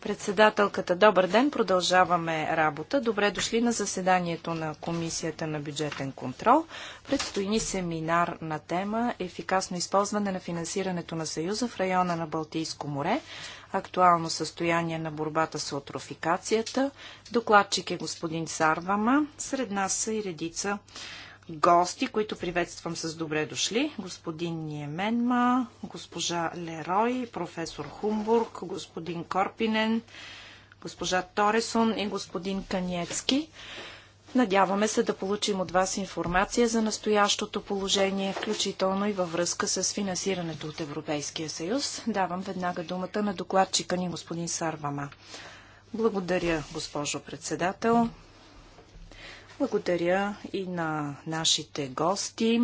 Председателката, добър ден, продължаваме работа. Добре дошли на заседанието на Комисията на бюджетен контрол. Предстои ни семинар на тема Ефикасно използване на финансирането на Съюза в района на Балтийско море. Актуално състояние на борбата с отрофикацията. Докладчик е господин Сарвама. Сред нас са и редица гости, които приветствам с добре дошли. Господин Ниеменма, госпожа Лерой, професор Хумбург, господин Корпинен, госпожа Торесон и господин Канецки. Надяваме се да получим от вас информация за настоящото положение, включително и във връзка с финансирането от Европейския съюз. Давам веднага думата на докладчика ни господин Сарвама. Благодаря, госпожо председател. Благодаря и на нашите гости.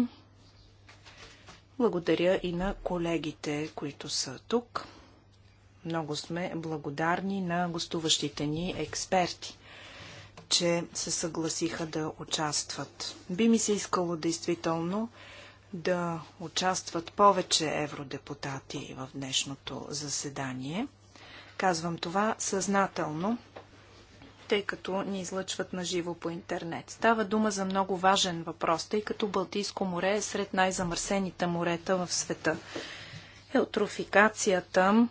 Благодаря и на колегите, които са тук. Много сме благодарни на гостуващите ни експерти, че се съгласиха да участват. Би ми се искало действително да участват повече евродепутати в днешното заседание. Казвам това съзнателно, тъй като ни излъчват на живо по интернет. Става дума за много важен въпрос, тъй като Балтийско море е сред най-замърсените морета в света. Еутрофикацията,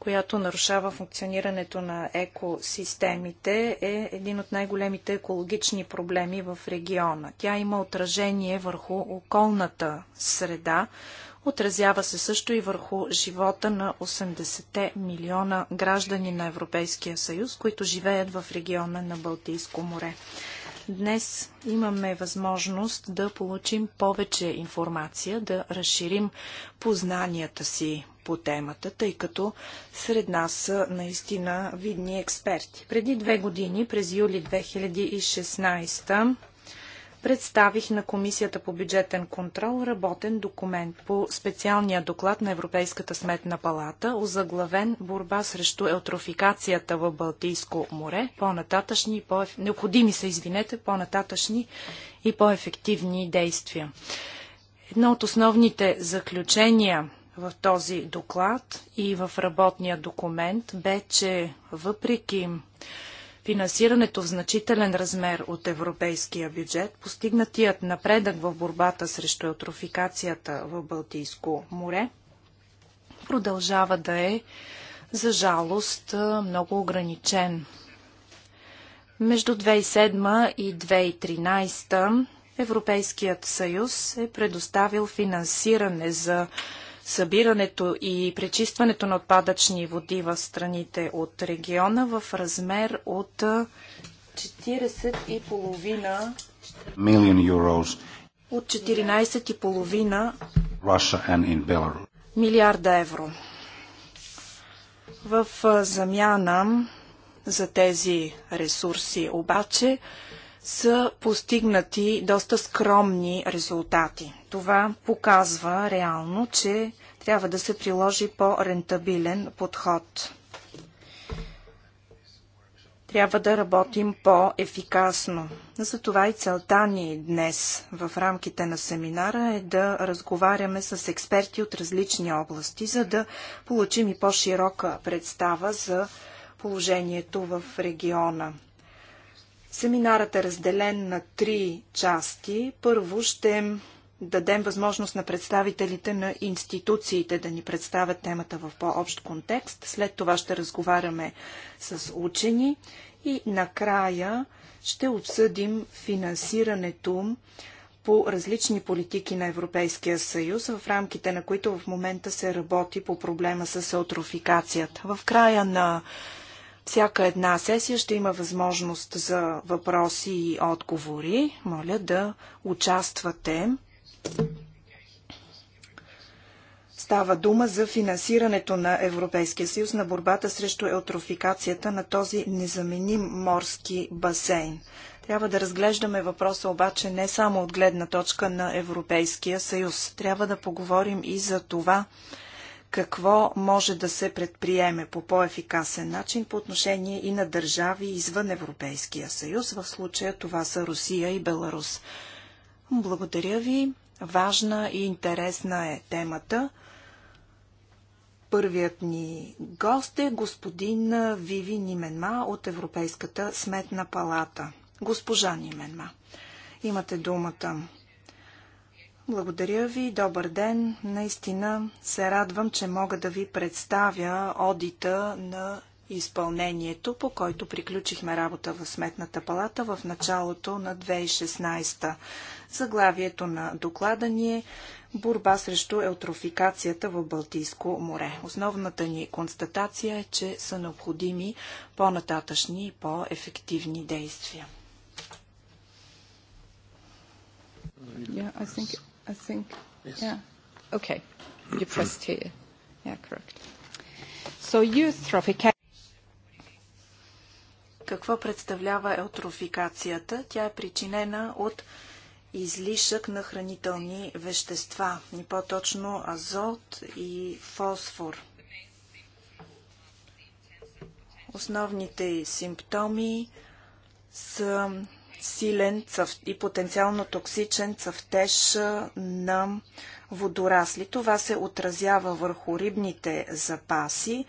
която нарушава функционирането на екосистемите, е един от най-големите екологични проблеми в региона. Тя има отражение върху околната среда, Отразява се също и върху живота на 80 милиона граждани на Европейския съюз, които живеят в региона на Балтийско море. Днес имаме възможност да получим повече информация, да разширим познанията си по темата, тъй като сред нас са наистина видни експерти. Преди две години, през юли 2016 представих на Комисията по бюджетен контрол работен документ по специалния доклад на Европейската сметна палата, озаглавен борба срещу елтрофикацията в Балтийско море, по-нататъчни и по необходими са, извинете, по-нататъчни и по-ефективни действия. Едно от основните заключения в този доклад и в работния документ бе, че въпреки финансирането в значителен размер от европейския бюджет, постигнатият напредък в борбата срещу еутрофикацията в Балтийско море, продължава да е, за жалост, много ограничен. Между 2007 и 2013 Европейският съюз е предоставил финансиране за събирането и пречистването на отпадъчни води в страните от региона в размер от 40,5 милион евро от 14,5 милиарда евро. В замяна за тези ресурси обаче са постигнати доста скромни резултати. Това показва реално, че трябва да се приложи по-рентабилен подход. Трябва да работим по-ефикасно. Затова и целта ни днес в рамките на семинара е да разговаряме с експерти от различни области, за да получим и по-широка представа за положението в региона. Семинарът е разделен на три части. Първо ще дадем възможност на представителите на институциите да ни представят темата в по-общ контекст. След това ще разговаряме с учени и накрая ще обсъдим финансирането по различни политики на Европейския съюз, в рамките на които в момента се работи по проблема с еутрофикацията. В края на всяка една сесия ще има възможност за въпроси и отговори. Моля да участвате. Става дума за финансирането на Европейския съюз на борбата срещу еутрофикацията на този незаменим морски басейн. Трябва да разглеждаме въпроса обаче не само от гледна точка на Европейския съюз. Трябва да поговорим и за това какво може да се предприеме по по-ефикасен начин по отношение и на държави извън Европейския съюз. В случая това са Русия и Беларус. Благодаря ви. Важна и интересна е темата. Първият ни гост е господин Виви Нименма от Европейската сметна палата. Госпожа Нименма, имате думата. Благодаря ви, добър ден. Наистина се радвам, че мога да ви представя одита на изпълнението, по който приключихме работа в Сметната палата в началото на 2016 Заглавието на доклада ни е борба срещу елтрофикацията в Балтийско море. Основната ни констатация е, че са необходими по-нататъчни и по-ефективни действия. какво представлява елтрофикацията? Тя е причинена от излишък на хранителни вещества, и по-точно азот и фосфор. Основните симптоми са силен и потенциално токсичен цъфтеж на водорасли. Това се отразява върху рибните запаси,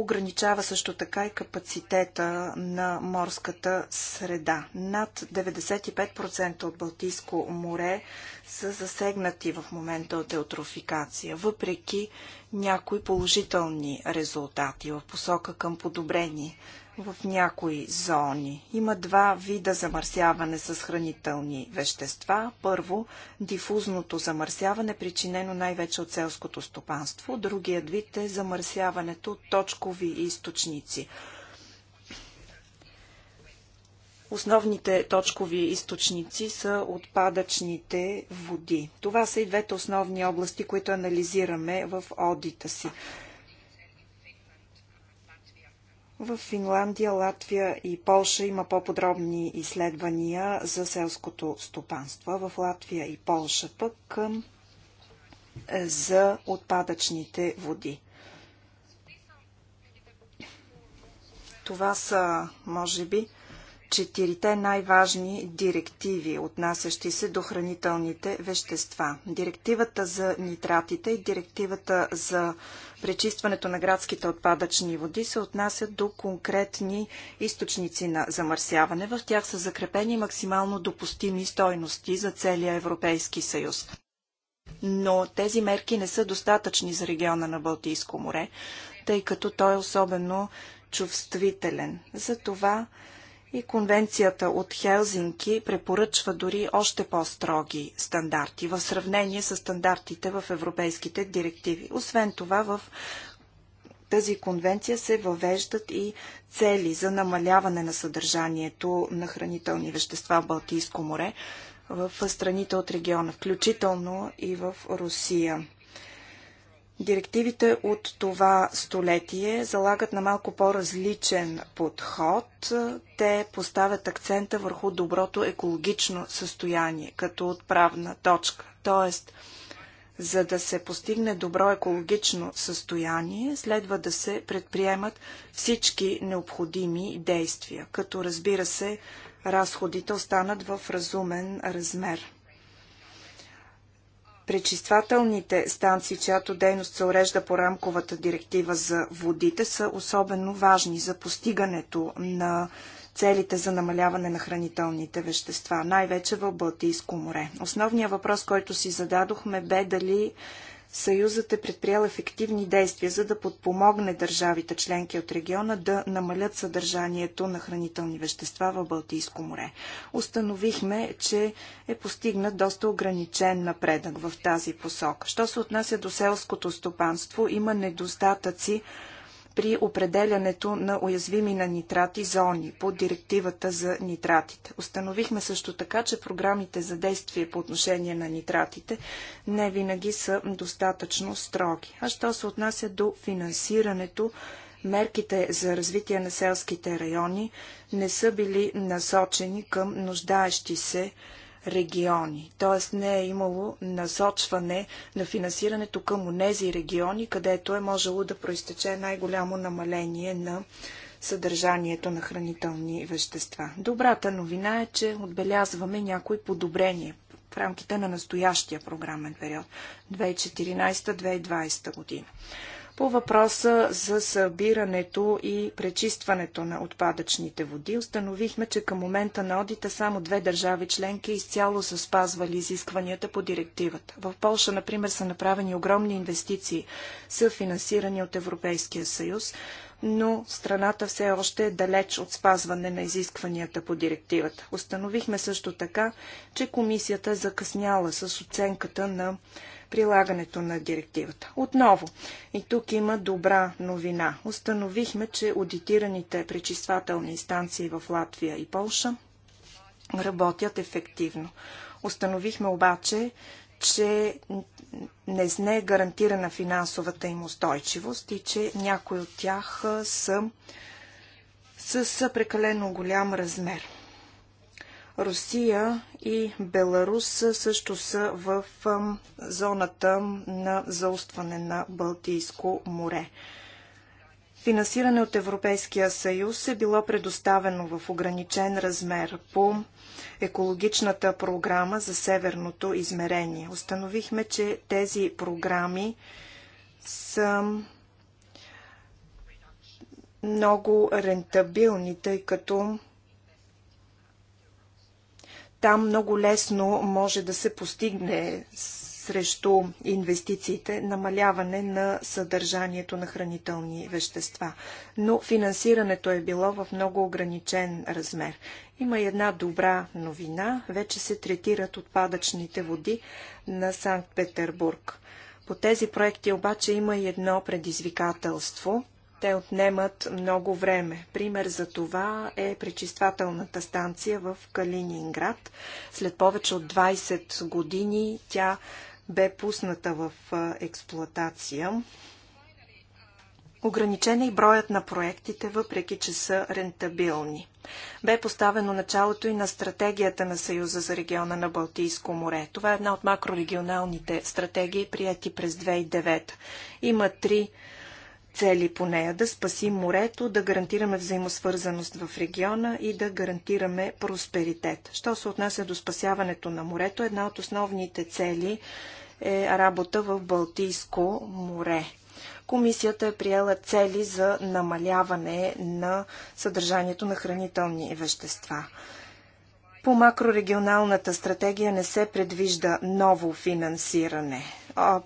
ограничава също така и капацитета на морската среда. Над 95% от Балтийско море са засегнати в момента от еутрофикация, въпреки някои положителни резултати в посока към подобрени в някои зони. Има два вида замърсяване с хранителни вещества. Първо, дифузното замърсяване, причинено най-вече от селското стопанство. Другият вид е замърсяването от точкови източници. Основните точкови източници са отпадъчните води. Това са и двете основни области, които анализираме в одита си. В Финландия, Латвия и Полша има по-подробни изследвания за селското стопанство. В Латвия и Полша пък е, за отпадъчните води. Това са, може би, четирите най-важни директиви, отнасящи се до хранителните вещества. Директивата за нитратите и директивата за пречистването на градските отпадъчни води се отнасят до конкретни източници на замърсяване. В тях са закрепени максимално допустими стойности за целия Европейски съюз. Но тези мерки не са достатъчни за региона на Балтийско море, тъй като той е особено чувствителен. Затова това и конвенцията от Хелзинки препоръчва дори още по-строги стандарти в сравнение с стандартите в европейските директиви. Освен това, в тази конвенция се въвеждат и цели за намаляване на съдържанието на хранителни вещества в Балтийско море в страните от региона, включително и в Русия. Директивите от това столетие залагат на малко по-различен подход. Те поставят акцента върху доброто екологично състояние като отправна точка. Тоест, за да се постигне добро екологично състояние, следва да се предприемат всички необходими действия, като разбира се, разходите останат в разумен размер пречиствателните станции, чиято дейност се урежда по рамковата директива за водите, са особено важни за постигането на целите за намаляване на хранителните вещества, най-вече в Балтийско море. Основният въпрос, който си зададохме бе дали Съюзът е предприял ефективни действия, за да подпомогне държавите членки от региона да намалят съдържанието на хранителни вещества в Балтийско море. Установихме, че е постигнат доста ограничен напредък в тази посока. Що се отнася до селското стопанство, има недостатъци при определянето на уязвими на нитрати зони по директивата за нитратите. Установихме също така, че програмите за действие по отношение на нитратите не винаги са достатъчно строги. А що се отнася до финансирането, мерките за развитие на селските райони не са били насочени към нуждаещи се региони. Т.е. не е имало насочване на финансирането към онези региони, където е можело да проистече най-голямо намаление на съдържанието на хранителни вещества. Добрата новина е, че отбелязваме някои подобрения в рамките на настоящия програмен период 2014-2020 година. По въпроса за събирането и пречистването на отпадъчните води, установихме, че към момента на одита само две държави членки изцяло са спазвали изискванията по директивата. В Польша, например, са направени огромни инвестиции, са финансирани от Европейския съюз, но страната все още е далеч от спазване на изискванията по директивата. Установихме също така, че комисията е закъсняла с оценката на прилагането на директивата. Отново, и тук има добра новина. Установихме, че аудитираните пречиствателни станции в Латвия и Полша работят ефективно. Установихме обаче, че не зне гарантирана финансовата им устойчивост и че някои от тях са с прекалено голям размер. Русия и Беларус също са в зоната на заустване на Балтийско море. Финансиране от Европейския съюз е било предоставено в ограничен размер по екологичната програма за северното измерение. Установихме, че тези програми са много рентабилни, тъй като там много лесно може да се постигне срещу инвестициите намаляване на съдържанието на хранителни вещества. Но финансирането е било в много ограничен размер. Има и една добра новина. Вече се третират отпадъчните води на Санкт-Петербург. По тези проекти обаче има и едно предизвикателство – те отнемат много време. Пример за това е пречиствателната станция в Калининград. След повече от 20 години тя бе пусната в експлоатация. Ограничен е и броят на проектите, въпреки че са рентабилни. Бе поставено началото и на стратегията на Съюза за региона на Балтийско море. Това е една от макрорегионалните стратегии, прияти през 2009. Има три цели по нея да спасим морето, да гарантираме взаимосвързаност в региона и да гарантираме просперитет. Що се отнася до спасяването на морето, една от основните цели е работа в Балтийско море. Комисията е приела цели за намаляване на съдържанието на хранителни вещества. По макрорегионалната стратегия не се предвижда ново финансиране.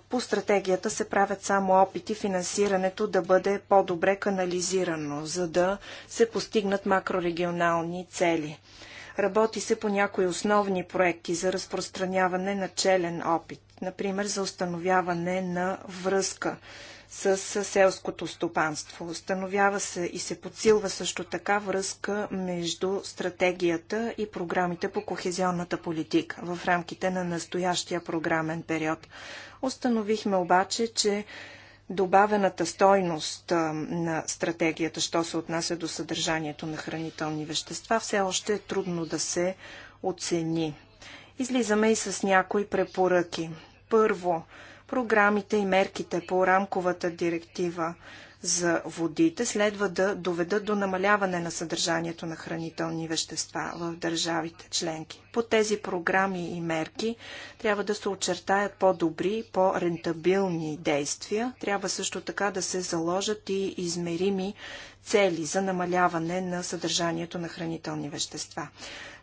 По стратегията се правят само опити финансирането да бъде по-добре канализирано, за да се постигнат макрорегионални цели. Работи се по някои основни проекти за разпространяване на челен опит, например за установяване на връзка с селското стопанство. Установява се и се подсилва също така връзка между стратегията и програмите по кохезионната политика в рамките на настоящия програмен период. Установихме обаче, че добавената стойност на стратегията, що се отнася до съдържанието на хранителни вещества, все още е трудно да се оцени. Излизаме и с някои препоръки. Първо, програмите и мерките по рамковата директива за водите следва да доведат до намаляване на съдържанието на хранителни вещества в държавите членки. По тези програми и мерки трябва да се очертаят по-добри, по-рентабилни действия. Трябва също така да се заложат и измерими цели за намаляване на съдържанието на хранителни вещества.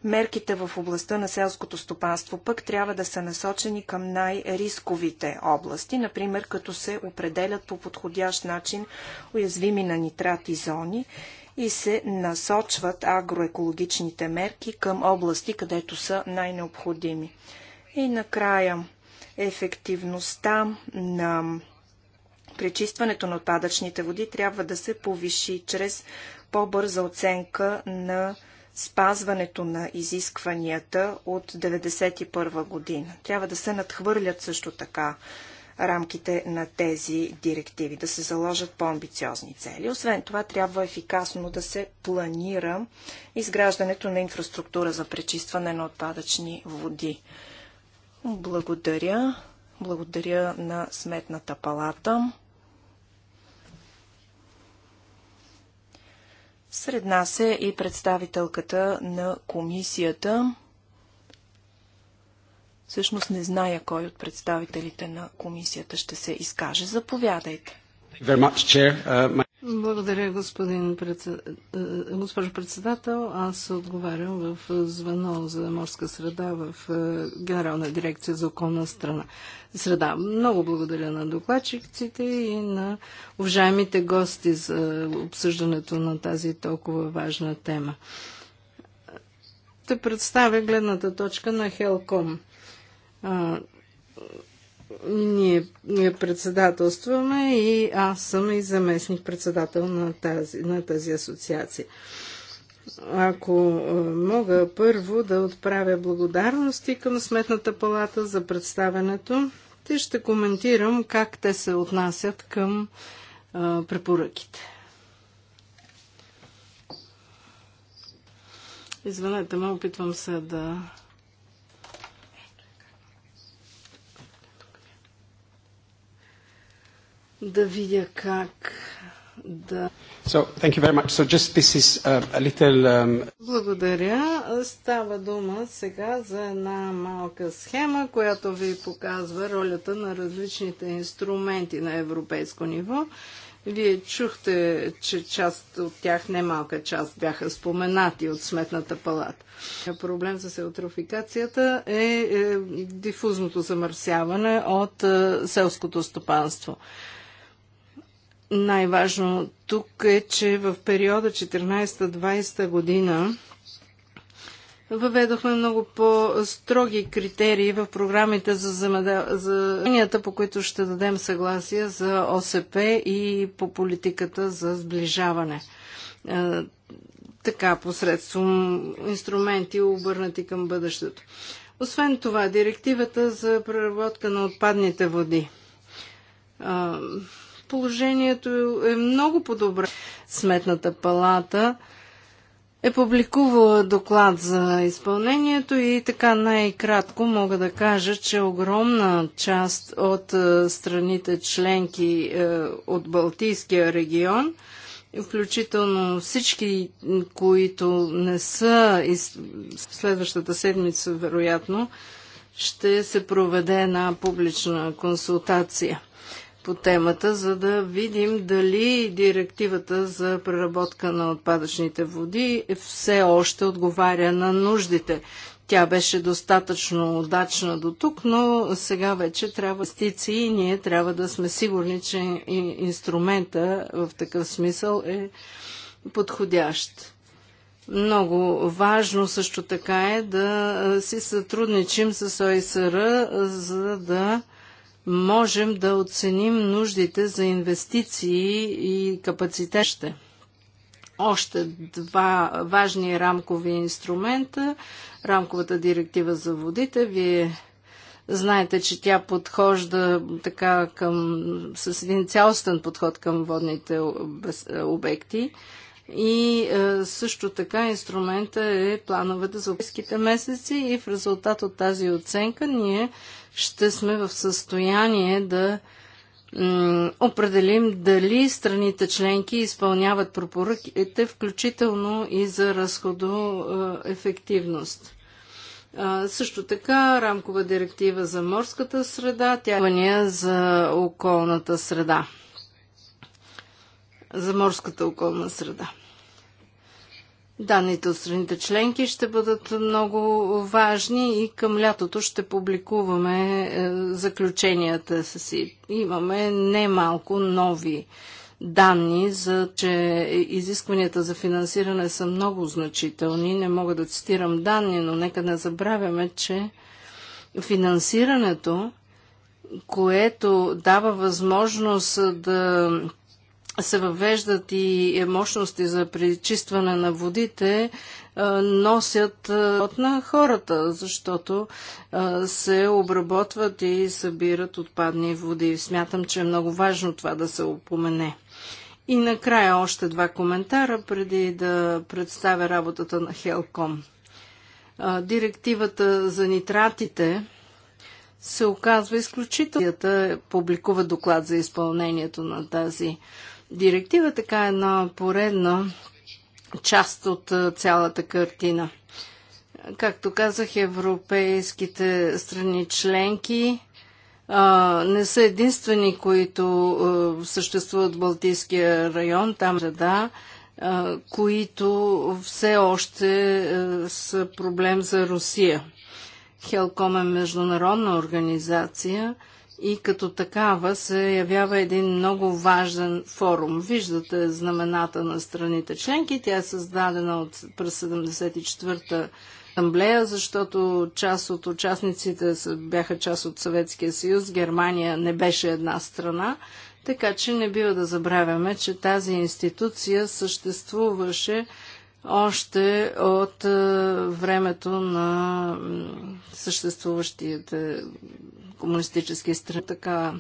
Мерките в областта на селското стопанство пък трябва да са насочени към най-рисковите области, например като се определят по подходящ начин уязвими на нитрати зони и се насочват агроекологичните мерки към области, където са най-необходими. И накрая ефективността на пречистването на отпадъчните води трябва да се повиши чрез по-бърза оценка на спазването на изискванията от 1991 година. Трябва да се надхвърлят също така рамките на тези директиви, да се заложат по-амбициозни цели. Освен това, трябва ефикасно да се планира изграждането на инфраструктура за пречистване на отпадъчни води. Благодаря. Благодаря на Сметната палата. Сред нас е и представителката на комисията. Всъщност не зная кой от представителите на комисията ще се изкаже. Заповядайте. Uh, благодаря, господин е, госпожо председател. Аз отговарям в звено за морска среда в е, Генерална дирекция за околна страна. среда. Много благодаря на докладчиците и на уважаемите гости за обсъждането на тази толкова важна тема. Ще представя гледната точка на Хелком ние, ние председателстваме и аз съм и заместник председател на тази, на тази асоциация. Ако е, мога първо да отправя благодарности към Сметната палата за представенето, те ще коментирам как те се отнасят към а, е, препоръките. Извинете ме, опитвам се да да видя как да. So, thank you very much. So just this is uh, a little, um... Благодаря. Става дума сега за една малка схема, която ви показва ролята на различните инструменти на европейско ниво. Вие чухте, че част от тях, не малка част, бяха споменати от Сметната палата. Проблем с еутрофикацията е, е дифузното замърсяване от е, селското стопанство. Най-важно тук е, че в периода 14-20 година въведохме много по-строги критерии в програмите за земеделията, по които ще дадем съгласие за ОСП и по политиката за сближаване. Е, така, посредством инструменти, обърнати към бъдещето. Освен това, директивата за преработка на отпадните води. Е, положението е много по-добре. Сметната палата е публикувала доклад за изпълнението и така най-кратко мога да кажа, че огромна част от е, страните членки е, от Балтийския регион, включително всички, които не са из... следващата седмица, вероятно, ще се проведе една публична консултация по темата, за да видим дали директивата за преработка на отпадъчните води все още отговаря на нуждите. Тя беше достатъчно удачна до тук, но сега вече трябва стици и ние трябва да сме сигурни, че инструмента в такъв смисъл е подходящ. Много важно също така е да си сътрудничим с ОИСР, за да можем да оценим нуждите за инвестиции и капацитетите. Още два важни рамкови инструмента. Рамковата директива за водите. Вие знаете, че тя подхожда така към, с един цялостен подход към водните обекти. И е, също така инструмента е плановете за близките месеци и в резултат от тази оценка ние ще сме в състояние да определим дали страните членки изпълняват пропоръките включително и за разходоефективност. Също така рамкова директива за морската среда, тя е за околната среда. За морската околна среда. Данните от страните членки ще бъдат много важни и към лятото ще публикуваме е, заключенията си. Имаме немалко нови данни, за че изискванията за финансиране са много значителни. Не мога да цитирам данни, но нека не забравяме, че финансирането, което дава възможност да се въвеждат и мощности за пречистване на водите, е, носят е, на хората, защото е, се обработват и събират отпадни води. Смятам, че е много важно това да се опомене. И накрая още два коментара, преди да представя работата на Хелком. Директивата за нитратите се оказва изключително. Публикува доклад за изпълнението на тази директива така е една поредна част от цялата картина. Както казах, европейските страни членки а, не са единствени, които а, съществуват в Балтийския район, там е да, а, които все още а, са проблем за Русия. Хелком е международна организация – и като такава се явява един много важен форум. Виждате знамената на страните членки. Тя е създадена от, през 74-та асамблея, защото част от участниците бяха част от Съветския съюз. Германия не беше една страна. Така че не бива да забравяме, че тази институция съществуваше още от е, времето на съществуващите комунистически страни. Така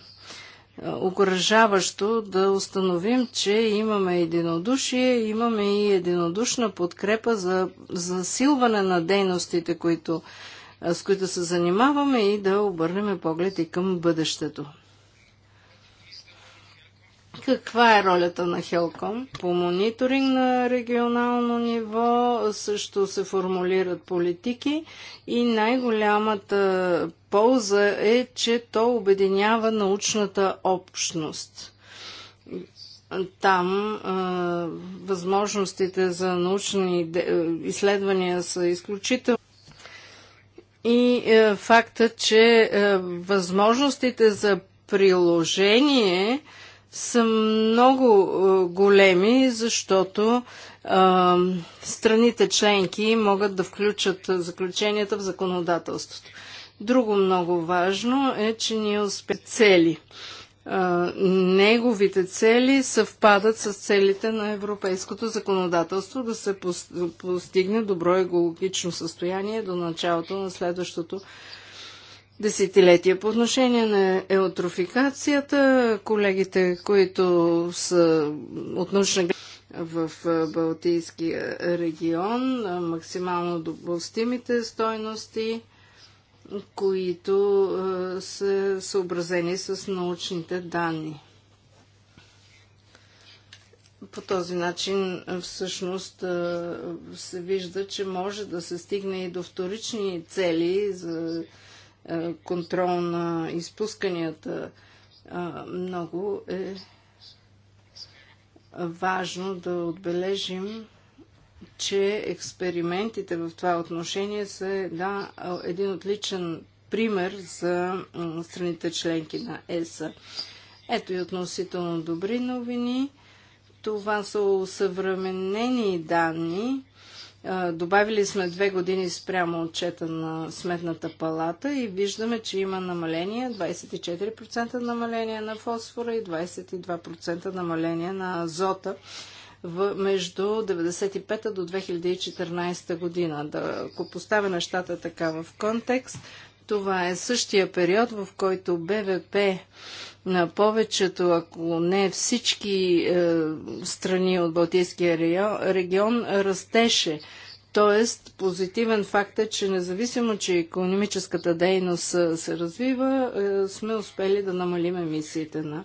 е, окоръжаващо да установим, че имаме единодушие, имаме и единодушна подкрепа за засилване на дейностите, които, е, с които се занимаваме и да обърнем поглед и към бъдещето. Каква е ролята на Хелком? По мониторинг на регионално ниво също се формулират политики и най-голямата полза е, че то обединява научната общност. Там а, възможностите за научни изследвания са изключително и е, факта, че е, възможностите за приложение е, са много е, големи, защото а, е, страните членки могат да включат заключенията в законодателството. Друго много важно е, че ние успе цели. А, е, неговите цели съвпадат с целите на европейското законодателство да се постигне добро екологично състояние до началото на следващото десетилетия. По отношение на еутрофикацията, колегите, които са от научна в Балтийския регион, максимално допустимите стойности, които са съобразени с научните данни. По този начин всъщност се вижда, че може да се стигне и до вторични цели за е, контрол на изпусканията е, много е важно да отбележим, че експериментите в това отношение са да един отличен пример за страните членки на ЕСА. Ето и относително добри новини. Това са усъвременени данни Добавили сме две години спрямо отчета на Сметната палата и виждаме, че има намаление, 24% намаление на фосфора и 22% намаление на азота в, между 1995 до 2014 година. Да, ако поставя нещата така в контекст, това е същия период, в който БВП на повечето, ако не всички е, страни от Балтийския регион, растеше. Тоест, позитивен факт е, че независимо, че економическата дейност е, се развива, е, сме успели да намалим емисиите на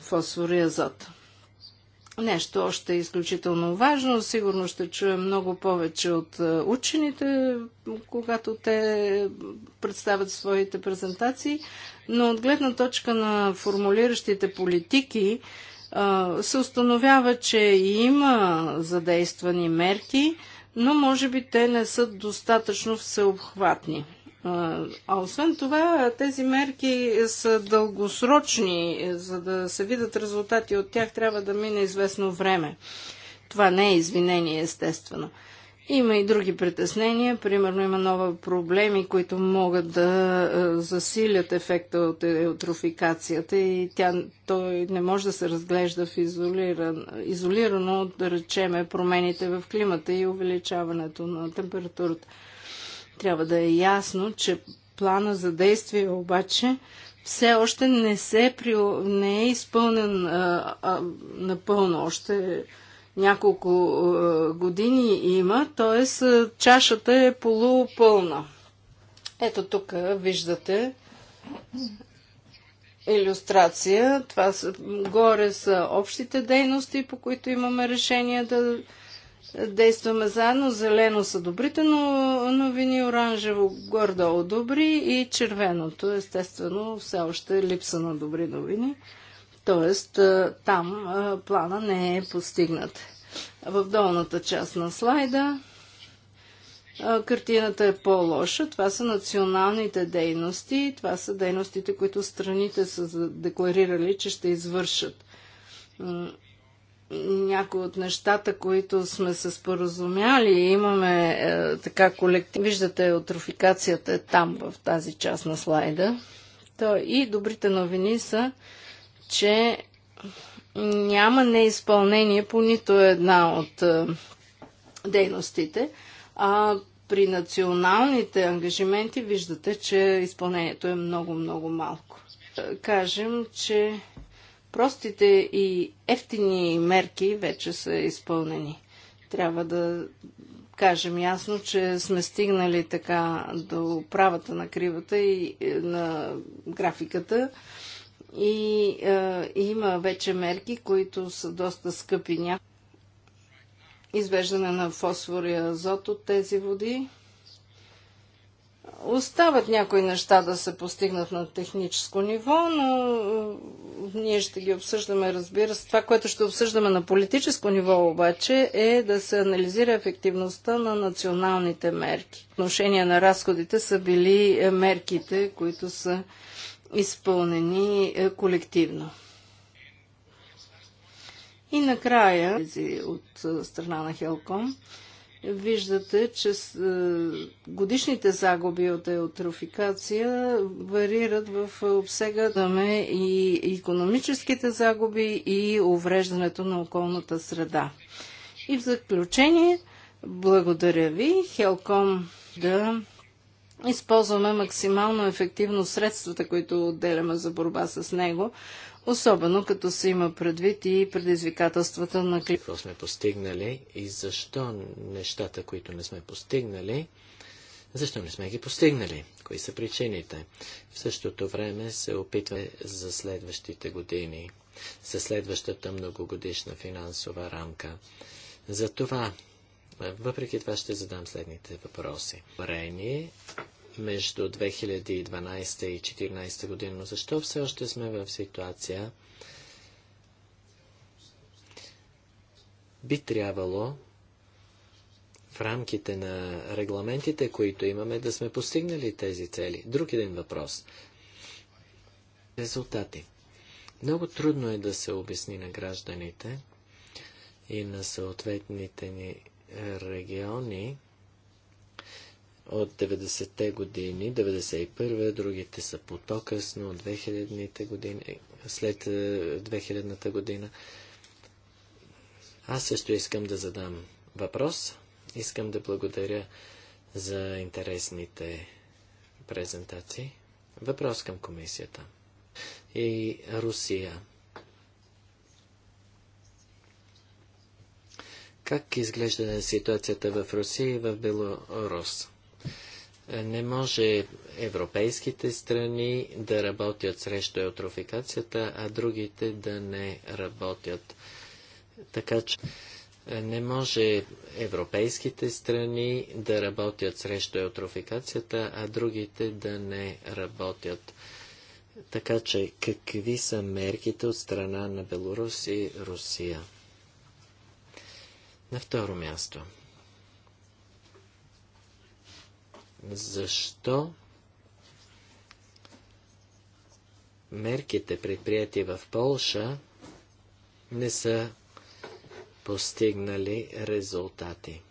фосфор и азот. Нещо още изключително важно. Сигурно ще чуем много повече от е, учените, когато те представят своите презентации но от гледна точка на формулиращите политики се установява, че има задействани мерки, но може би те не са достатъчно всеобхватни. А освен това, тези мерки са дългосрочни. За да се видят резултати от тях, трябва да мине известно време. Това не е извинение, естествено. Има и други притеснения. Примерно има нова проблеми, които могат да е, засилят ефекта от еутрофикацията и тя, той не може да се разглежда в изолиран, изолирано от, да речеме, промените в климата и увеличаването на температурата. Трябва да е ясно, че плана за действие обаче все още не, се, не е изпълнен а, е, а, напълно. Още няколко е, години има, т.е. чашата е полупълна. Ето тук е, виждате иллюстрация. Това са, горе са общите дейности, по които имаме решение да действаме заедно. Зелено са добрите новини, оранжево гордо добри и червеното, естествено, все още е липса на добри новини. Тоест, там плана не е постигнат. В долната част на слайда картината е по-лоша. Това са националните дейности. Това са дейностите, които страните са декларирали, че ще извършат. Някои от нещата, които сме се споразумяли, имаме е, така колектив. Виждате, отрофикацията е там, в тази част на слайда. То и добрите новини са, че няма неизпълнение по нито една от е, дейностите, а при националните ангажименти виждате, че изпълнението е много-много малко. Е, кажем, че простите и ефтини мерки вече са изпълнени. Трябва да кажем ясно, че сме стигнали така до правата на кривата и е, на графиката и е, има вече мерки, които са доста скъпи. Ня... Извеждане на фосфор и азот от тези води. Остават някои неща да се постигнат на техническо ниво, но е, ние ще ги обсъждаме, разбира се. Това, което ще обсъждаме на политическо ниво обаче е да се анализира ефективността на националните мерки. Отношение на разходите са били е, мерките, които са изпълнени е, колективно. И накрая, от е, страна на Хелком, виждате, че е, годишните загуби от еутрофикация варират в обсега да ме и економическите загуби и увреждането на околната среда. И в заключение, благодаря ви, Хелком да използваме максимално ефективно средствата, които отделяме за борба с него, особено като се има предвид и предизвикателствата на климата. Какво сме постигнали и защо нещата, които не сме постигнали, защо не сме ги постигнали? Кои са причините? В същото време се опитваме за следващите години, за следващата многогодишна финансова рамка. Затова въпреки това ще задам следните въпроси. Варение между 2012 и 2014 година, но защо все още сме в ситуация, би трябвало в рамките на регламентите, които имаме, да сме постигнали тези цели. Друг един въпрос. Резултати. Много трудно е да се обясни на гражданите и на съответните ни региони от 90-те години, 91 те другите са по-късно, от 2000-те години, след 2000-та е, година. Аз също искам да задам въпрос. Искам да благодаря за интересните презентации. Въпрос към комисията. И Русия. Как изглежда ситуацията в Русия и в Белорус? Не може европейските страни да работят срещу еутрофикацията, а другите да не работят. Така че не може европейските страни да работят срещу еутрофикацията, а другите да не работят. Така че какви са мерките от страна на Беларус и Русия? На второ място. Защо мерките предприяти в Полша не са постигнали резултати?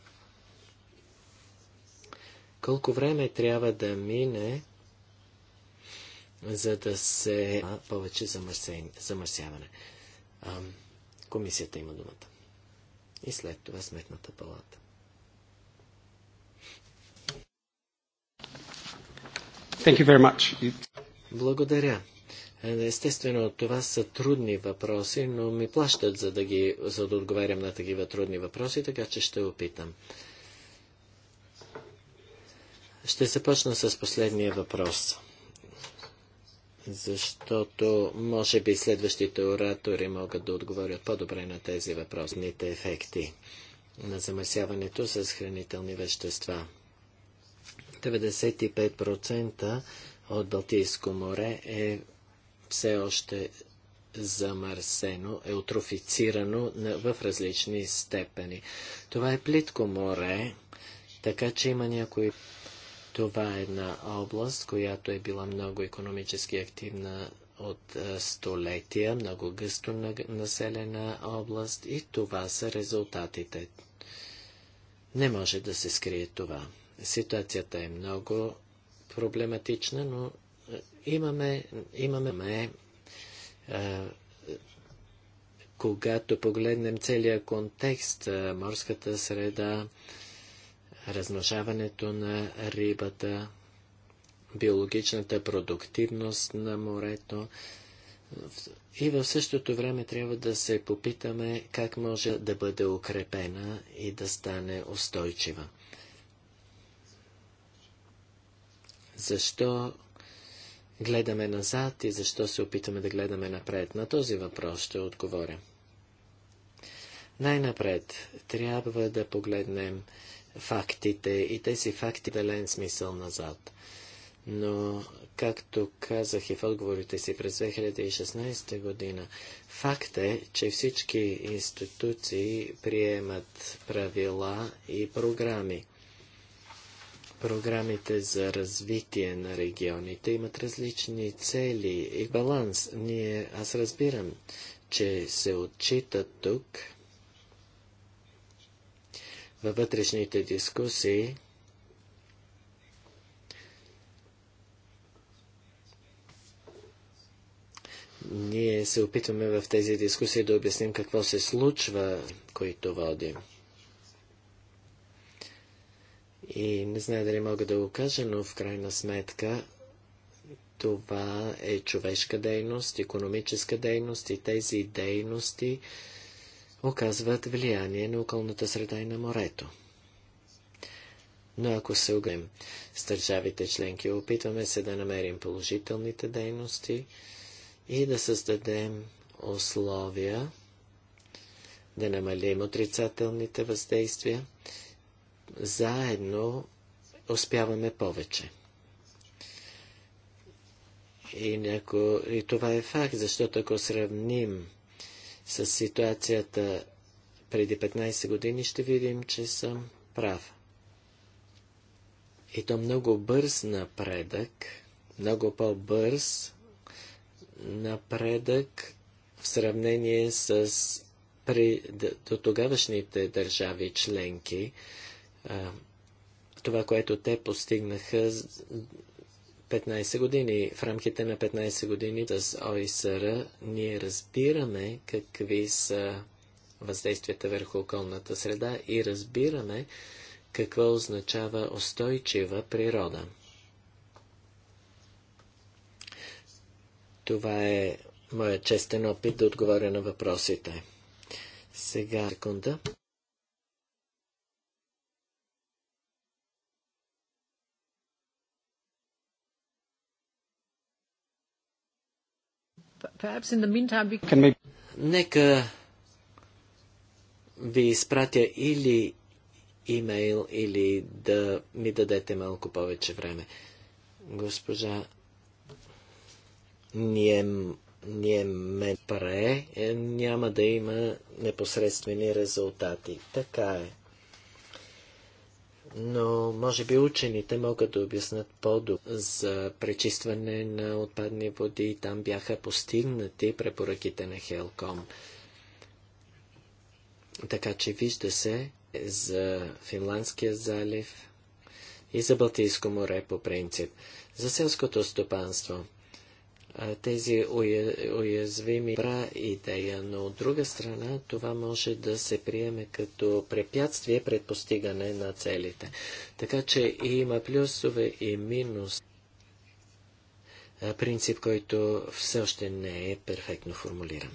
Колко време трябва да мине, за да се повече замърсяване? Комисията има думата и след това Сметната палата. Thank you very much. Благодаря. Е, естествено, това са трудни въпроси, но ми плащат, за да, ги, за да отговарям на такива трудни въпроси, така че ще опитам. Ще започна с последния въпрос защото може би следващите оратори могат да отговорят по-добре на тези въпросните ефекти на замърсяването с хранителни вещества. 95% от Балтийско море е все още замърсено, е отрофицирано в различни степени. Това е плитко море, така че има някои това е една област, която е била много економически активна от е, столетия, много гъсто населена област и това са резултатите. Не може да се скрие това. Ситуацията е много проблематична, но е, имаме, имаме е, е когато погледнем целият контекст, морската среда, размножаването на рибата, биологичната продуктивност на морето. И в същото време трябва да се попитаме как може да бъде укрепена и да стане устойчива. Защо гледаме назад и защо се опитаме да гледаме напред? На този въпрос ще отговоря. Най-напред трябва да погледнем фактите и тези факти дален смисъл назад. Но, както казах и в отговорите си през 2016 година, факт е, че всички институции приемат правила и програми. Програмите за развитие на регионите имат различни цели и баланс. Ние, аз разбирам, че се отчитат тук във вътрешните дискусии ние се опитваме в тези дискусии да обясним какво се случва, които водим. И не знае дали мога да го кажа, но в крайна сметка това е човешка дейност, економическа дейност и тези дейности оказват влияние на околната среда и на морето. Но ако се огнем с държавите членки, опитваме се да намерим положителните дейности и да създадем условия, да намалим отрицателните въздействия, заедно успяваме повече. И, няко... и това е факт, защото ако сравним с ситуацията преди 15 години, ще видим, че съм прав. И то много бърз напредък, много по-бърз напредък в сравнение с при, до тогавашните държави членки. това, което те постигнаха 15 години. В рамките на 15 години с ОИСР ние разбираме какви са въздействията върху околната среда и разбираме какво означава устойчива природа. Това е моят честен опит да отговоря на въпросите. Сега секунда. Meantime... Нека ви изпратя или имейл, или да ми дадете малко повече време. Госпожа Нием ние ме пре, е, няма да има непосредствени резултати. Така е но може би учените могат да обяснат по-добре за пречистване на отпадни води. Там бяха постигнати препоръките на Хелком. Така че вижда се за Финландския залив и за Балтийско море по принцип. За селското стопанство – тези уязвими пра идея, но от друга страна това може да се приеме като препятствие пред постигане на целите. Така че има плюсове и минус. Принцип, който все още не е перфектно формулиран.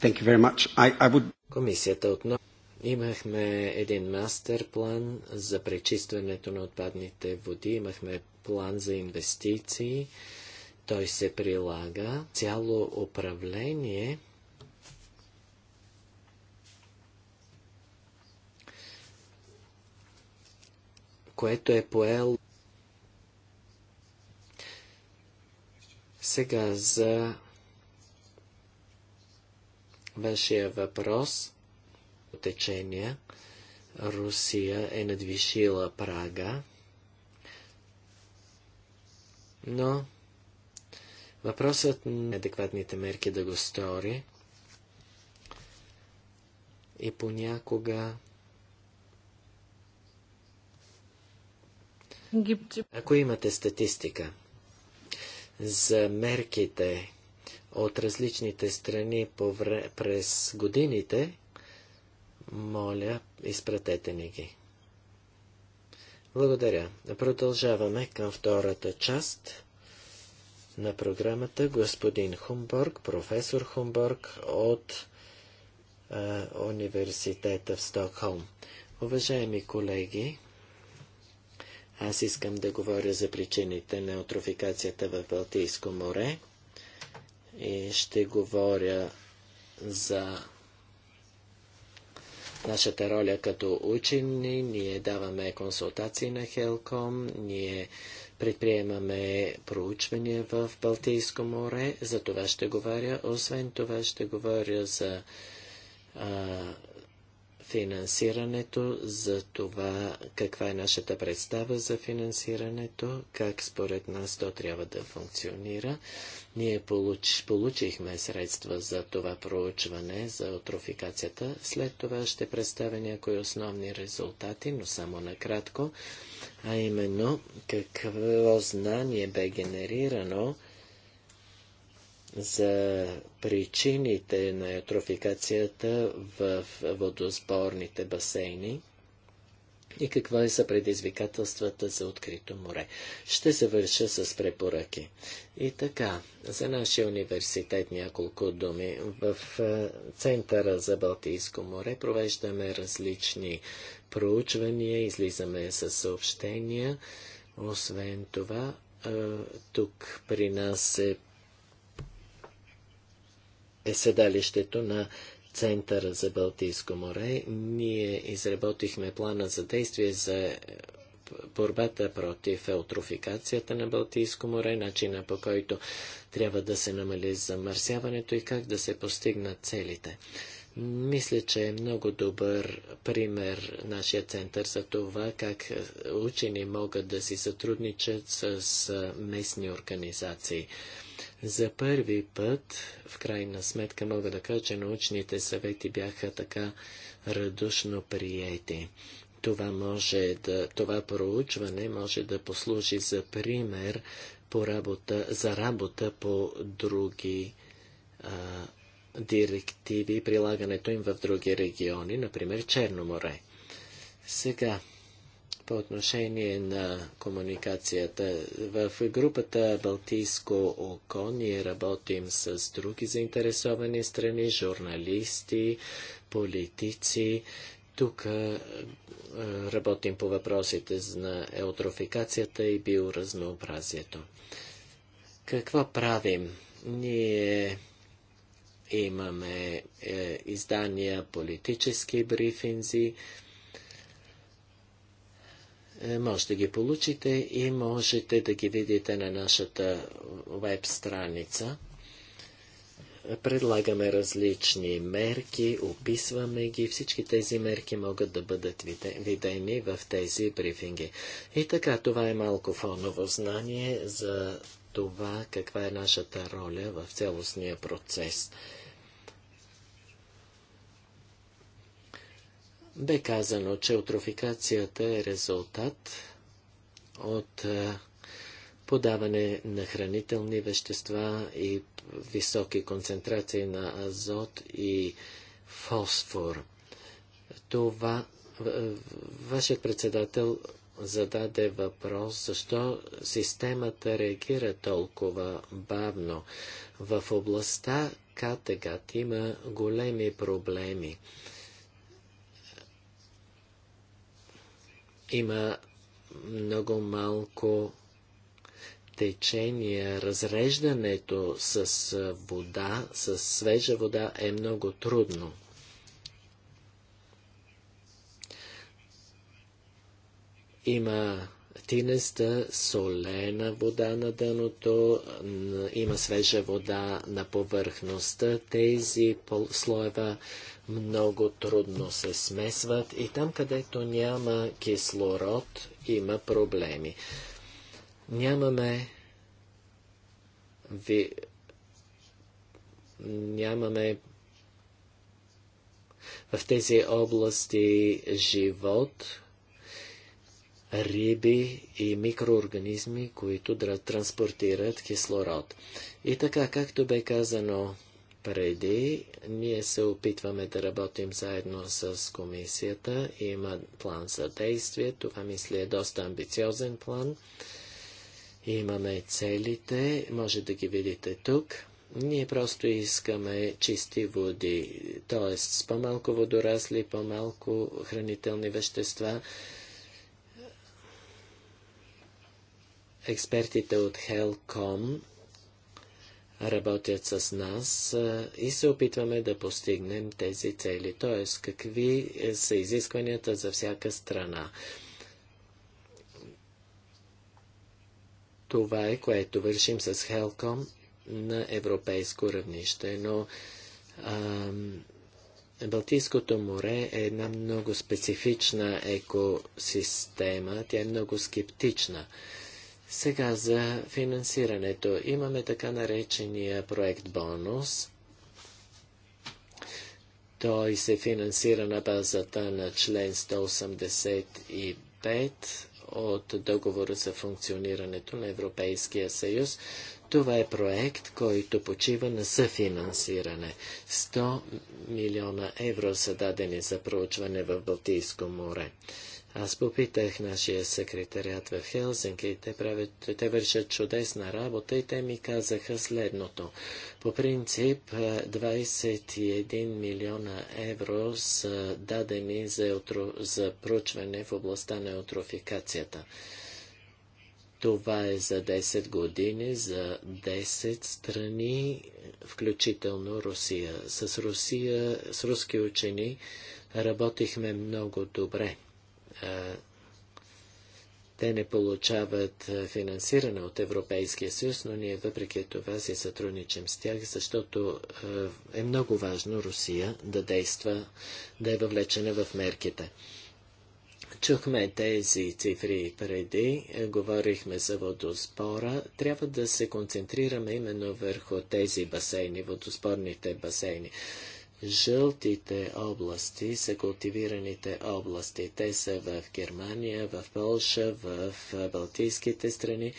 Thank you very much. I, I would... Комисията отново. Имахме един мастер план за пречистването на отпадните води, имахме план за инвестиции. Той се прилага. Цяло управление което е поел Сега за вашия въпрос течение Русия е надвишила прага но въпросът на адекватните мерки да го стори и понякога Ако имате статистика за мерките от различните страни през годините, моля, изпратете ни ги. Благодаря. Продължаваме към втората част на програмата. Господин Хумборг, професор Хумборг от а, университета в Стокхолм. Уважаеми колеги, аз искам да говоря за причините на еутрофикацията в Балтийско море и ще говоря за нашата роля като учени, ние даваме консултации на Хелком, ние предприемаме проучвания в Балтийско море, за това ще говоря. Освен това ще говоря за а, финансирането, за това каква е нашата представа за финансирането, как според нас то трябва да функционира. Ние получ, получихме средства за това проучване, за отрофикацията. След това ще представя някои основни резултати, но само накратко, а именно какво знание бе генерирано за причините на етрофикацията в водосборните басейни и е са предизвикателствата за открито море. Ще завърша с препоръки. И така, за нашия университет няколко думи. В Центъра за Балтийско море провеждаме различни проучвания, излизаме с съобщения. Освен това, тук при нас се е седалището на Центъра за Балтийско море. Ние изработихме плана за действие за е, борбата против еутрофикацията на Балтийско море, начина по който трябва да се намали замърсяването и как да се постигнат целите. Мисля, че е много добър пример нашия център за това как е, учени могат да си сътрудничат с е, местни организации. За първи път, в крайна сметка, мога да кажа, че научните съвети бяха така радушно приети. Това, може да, това проучване може да послужи за пример по работа, за работа по други а, директиви, прилагането им в други региони, например Черно море. Сега, по отношение на комуникацията. В групата Балтийско око ние работим с други заинтересовани страни, журналисти, политици. Тук работим по въпросите на еутрофикацията и биоразнообразието. Какво правим? Ние имаме е, издания, политически брифинзи, е, може да ги получите и можете да ги видите на нашата веб страница. Предлагаме различни мерки, описваме ги. Всички тези мерки могат да бъдат видени в тези брифинги. И така, това е малко фоново знание за това каква е нашата роля в цялостния процес. Бе казано, че отрофикацията е резултат от е, подаване на хранителни вещества и високи концентрации на азот и фосфор. Това е, вашият председател зададе въпрос, защо системата реагира толкова бавно. В областта Категат има големи проблеми. има много малко течение, разреждането с вода, с свежа вода е много трудно. Има тинеста, солена вода на дъното, има свежа вода на повърхността. Тези слоева много трудно се смесват и там, където няма кислород, има проблеми. Нямаме ви... нямаме в тези области живот, риби и микроорганизми, които да транспортират кислород. И така, както бе казано преди, ние се опитваме да работим заедно с комисията. Има план за действие. Това, мисля, е доста амбициозен план. Имаме целите. Може да ги видите тук. Ние просто искаме чисти води, т.е. с по-малко водорасли, по-малко хранителни вещества, Експертите от Hell.com работят с нас и се опитваме да постигнем тези цели, т.е. какви са изискванията за всяка страна. Това е което вършим с Хелком на европейско равнище, но ам, Балтийското море е една много специфична екосистема, тя е много скептична. Сега за финансирането. Имаме така наречения проект бонус. Той се финансира на базата на член 185 от договора за функционирането на Европейския съюз. Това е проект, който почива на съфинансиране. 100 милиона евро са дадени за проучване в Балтийско море. Аз попитах нашия секретарят в Хелсинки, те, правят, те вършат чудесна работа и те ми казаха следното. По принцип 21 милиона евро са дадени за, еутро, за проучване в областта на еутрофикацията. Това е за 10 години, за 10 страни, включително Русия. С Русия, с руски учени работихме много добре те не получават финансиране от Европейския съюз, но ние въпреки това си сътрудничим с тях, защото е много важно Русия да действа, да е въвлечена в мерките. Чухме тези цифри преди, говорихме за водоспора. Трябва да се концентрираме именно върху тези басейни, водоспорните басейни. Жълтите области са култивираните области. Те са в Германия, в Польша, в Балтийските страни.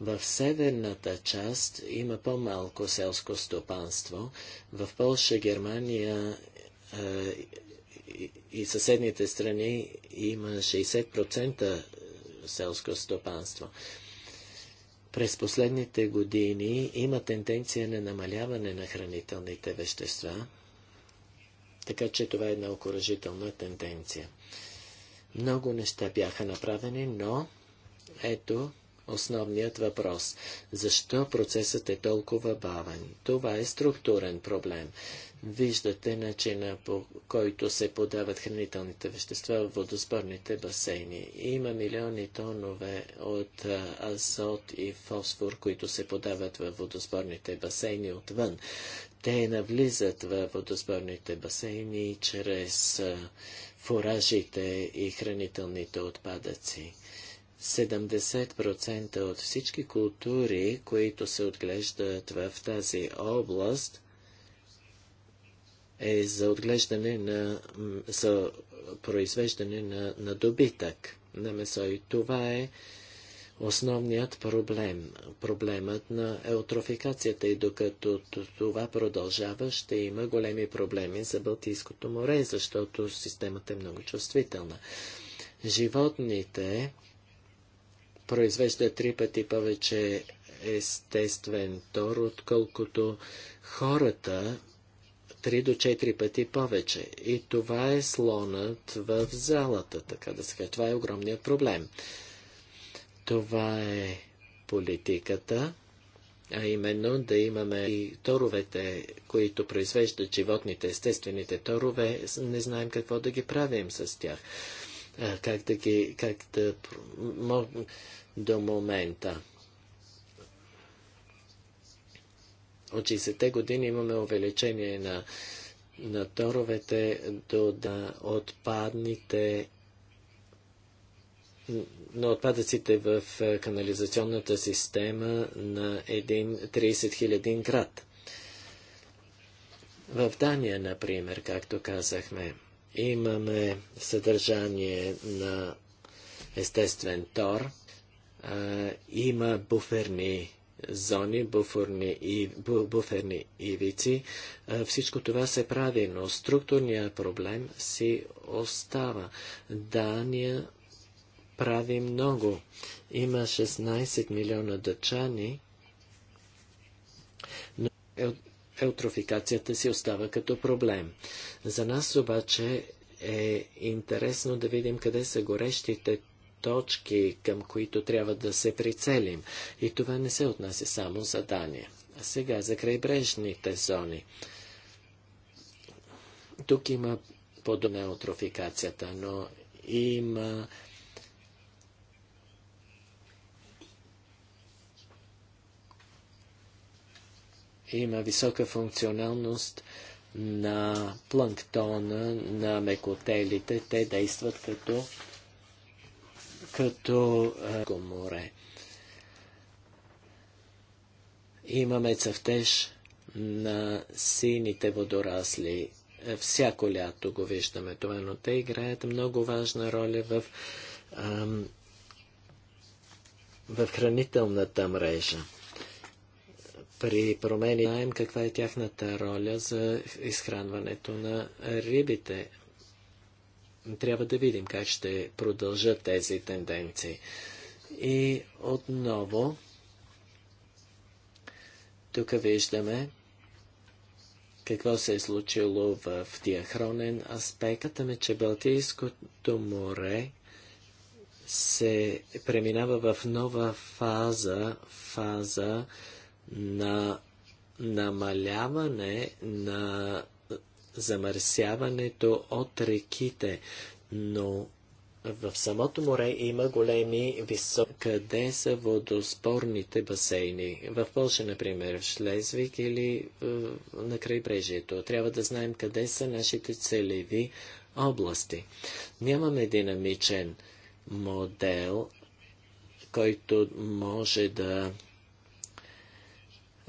В северната част има по-малко селско стопанство. В Польша, Германия е, и съседните страни има 60% селско стопанство през последните години има тенденция на намаляване на хранителните вещества така че това е една окоръжителна тенденция. Много неща бяха направени, но ето основният въпрос. Защо процесът е толкова бавен? Това е структурен проблем. Виждате начина по който се подават хранителните вещества в водосборните басейни. Има милиони тонове от азот и фосфор, които се подават в водосборните басейни отвън. Те навлизат в водосборните басейни чрез фуражите и хранителните отпадъци. 70% от всички култури, които се отглеждат в тази област, е за отглеждане на, за произвеждане на, на добитък, на месо. И това е основният проблем, проблемът на еутрофикацията и докато това продължава, ще има големи проблеми за Балтийското море, защото системата е много чувствителна. Животните произвеждат три пъти повече естествен тор, отколкото хората 3 до 4 пъти повече. И това е слонът в залата, така да се каже. Това е огромният проблем. Това е политиката, а именно да имаме и торовете, които произвеждат животните, естествените торове, не знаем какво да ги правим с тях. Как да ги, как да, до момента. От 60-те години имаме увеличение на, на торовете до да отпадните на отпадъците в е, канализационната система на един 30 000 град. В Дания, например, както казахме, имаме съдържание на естествен тор, а, има буферни зони, буферни, и, бу, буферни ивици. А, всичко това се прави, но структурният проблем си остава. Дания прави много. Има 16 милиона дъчани, но еутрофикацията си остава като проблем. За нас обаче е интересно да видим къде са горещите точки, към които трябва да се прицелим. И това не се отнася само за Дания. А сега за крайбрежните зони. Тук има подобна еутрофикацията, но има има висока функционалност на планктона, на мекотелите. Те действат като, като е, море. Имаме цъфтеж на сините водорасли. Е, всяко лято го виждаме това, но те играят много важна роля в, ам, в хранителната мрежа при промени знаем каква е тяхната роля за изхранването на рибите. Трябва да видим как ще продължат тези тенденции. И отново, тук виждаме какво се е случило в диахронен аспект. ме, че Балтийското море се преминава в нова фаза, фаза на намаляване на замърсяването от реките, но в самото море има големи високи. Къде са водоспорните басейни? В Польша, например, в Шлезвик или е, на крайбрежието. Трябва да знаем къде са нашите целеви области. Нямаме динамичен модел, който може да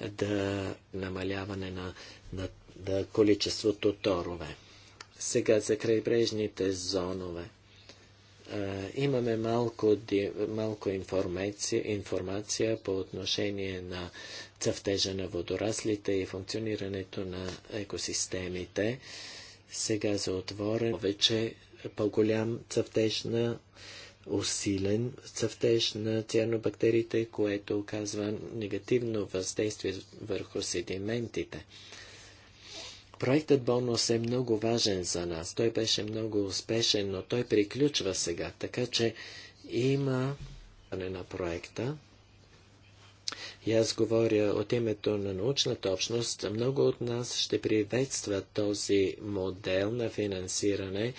да намаляване на, на, на количеството торове. Сега за крайбрежните зонове. имаме малко, малко информация, информация по отношение на цъфтежа на водораслите и функционирането на екосистемите. Сега за отворен повече по-голям цъфтеж на усилен цъфтеж на цианобактериите, което оказва негативно въздействие върху седиментите. Проектът Бонус е много важен за нас. Той беше много успешен, но той приключва сега, така че има на проекта. И аз говоря от името на научната общност. Много от нас ще приветстват този модел на финансиране,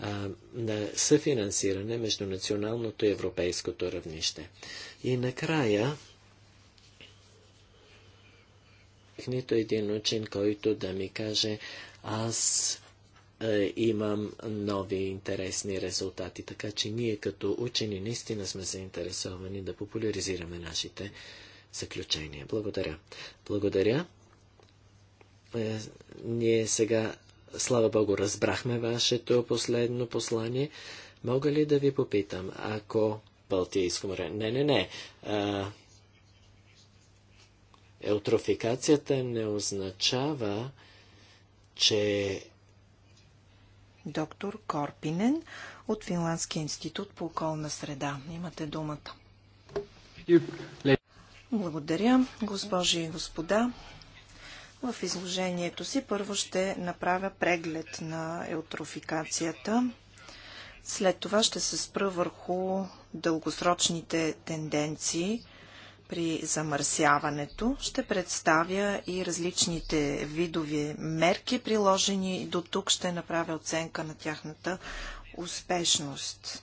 а, на съфинансиране между националното и европейското равнище. И накрая, нито един учен, който да ми каже, аз а, е, имам нови интересни резултати. Така че ние като учени наистина сме заинтересовани да популяризираме нашите заключения. Благодаря. Благодаря. Е, ние сега Слава Богу, разбрахме вашето последно послание. Мога ли да ви попитам, ако Балтийско море... Не, не, не. А, еутрофикацията не означава, че... Доктор Корпинен от Финландския институт по околна среда. Имате думата. Благодаря, госпожи и господа. В изложението си първо ще направя преглед на еутрофикацията. След това ще се спра върху дългосрочните тенденции при замърсяването. Ще представя и различните видови мерки, приложени до тук. Ще направя оценка на тяхната успешност.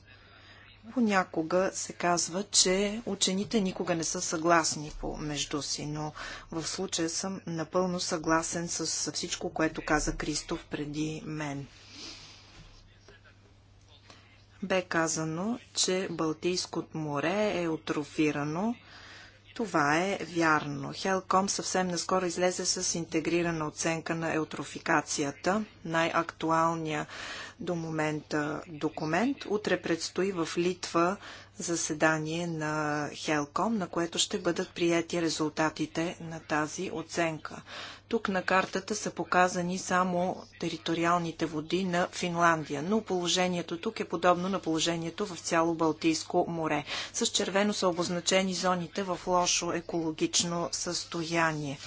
Понякога се казва, че учените никога не са съгласни помежду си, но в случая съм напълно съгласен с всичко, което каза Кристоф преди мен. Бе казано, че Балтийското море е отрофирано. Това е вярно. Хелком съвсем наскоро излезе с интегрирана оценка на еутрофикацията. Най-актуалният до момента документ. Утре предстои в Литва заседание на Хелком, на което ще бъдат прияти резултатите на тази оценка. Тук на картата са показани само териториалните води на Финландия, но положението тук е подобно на положението в цяло Балтийско море. С червено са обозначени зоните в лошо екологично състояние.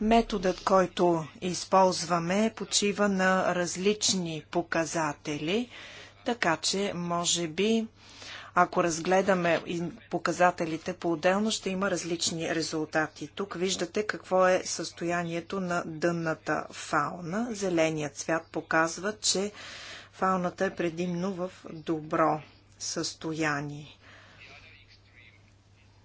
Методът, който използваме, почива на различни показатели, така че може би ако разгледаме показателите по-отделно, ще има различни резултати. Тук виждате какво е състоянието на дънната фауна. Зеленият цвят показва, че фауната е предимно в добро състояние.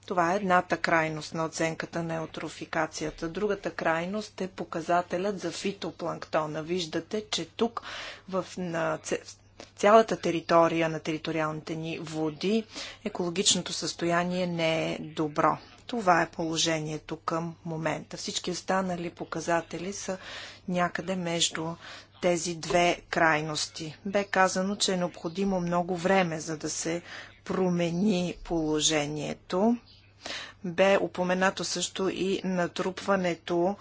Това е едната крайност на оценката на еутрофикацията. Другата крайност е показателят за фитопланктона. Виждате, че тук в, на, цялата територия на териториалните ни води екологичното състояние не е добро. Това е положението към момента. Всички останали показатели са някъде между тези две крайности. Бе казано, че е необходимо много време, за да се промени положението. Бе упоменато също и натрупването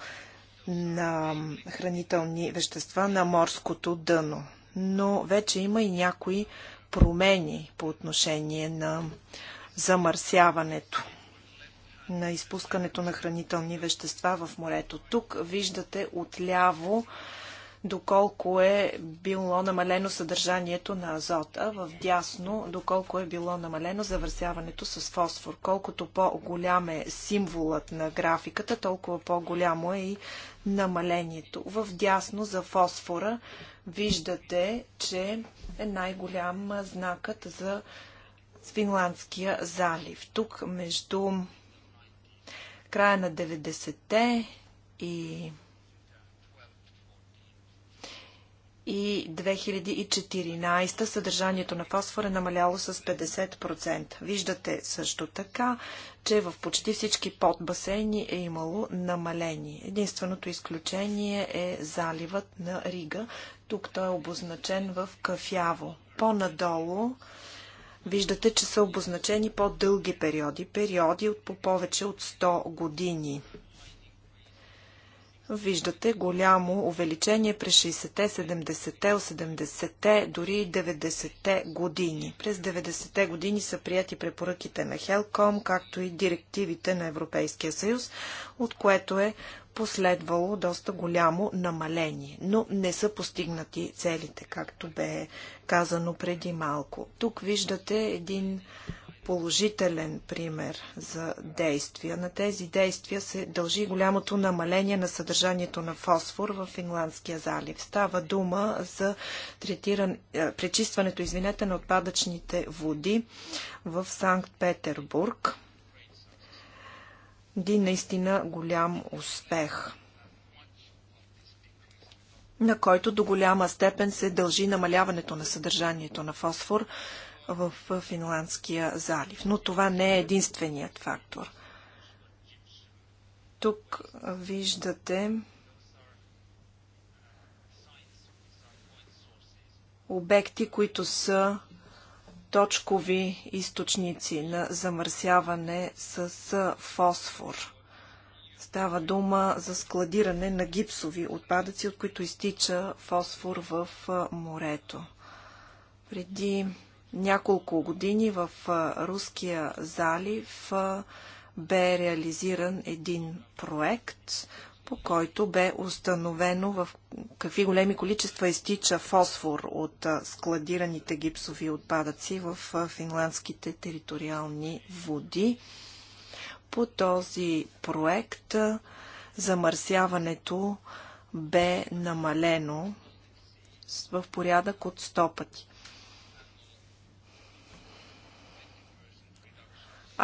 на хранителни вещества на морското дъно. Но вече има и някои промени по отношение на замърсяването на изпускането на хранителни вещества в морето. Тук виждате отляво доколко е било намалено съдържанието на азота, в дясно доколко е било намалено завърсяването с фосфор. Колкото по-голям е символът на графиката, толкова по-голямо е и намалението. В дясно за фосфора виждате, че е най-голям знакът за Финландския залив. Тук между края на 90-те и и 2014 съдържанието на фосфор е намаляло с 50%. Виждате също така, че в почти всички подбасейни е имало намаление. Единственото изключение е заливът на Рига. Тук той е обозначен в кафяво. По-надолу виждате, че са обозначени по-дълги периоди, периоди от по повече от 100 години. Виждате голямо увеличение през 60-те, 70-те, 80-те, дори 90-те години. През 90-те години са прияти препоръките на Хелком, както и директивите на Европейския съюз, от което е последвало доста голямо намаление, но не са постигнати целите, както бе казано преди малко. Тук виждате един положителен пример за действия. На тези действия се дължи голямото намаление на съдържанието на фосфор в Финландския залив. Става дума за третиран, е, пречистването извинете, на отпадъчните води в Санкт-Петербург. Един наистина голям успех на който до голяма степен се дължи намаляването на съдържанието на фосфор в Финландския залив. Но това не е единственият фактор. Тук виждате обекти, които са точкови източници на замърсяване с фосфор. Става дума за складиране на гипсови отпадъци, от които изтича фосфор в морето. Преди няколко години в Руския залив бе реализиран един проект, по който бе установено в какви големи количества изтича фосфор от складираните гипсови отпадъци в финландските териториални води. По този проект замърсяването бе намалено в порядък от 100 пъти.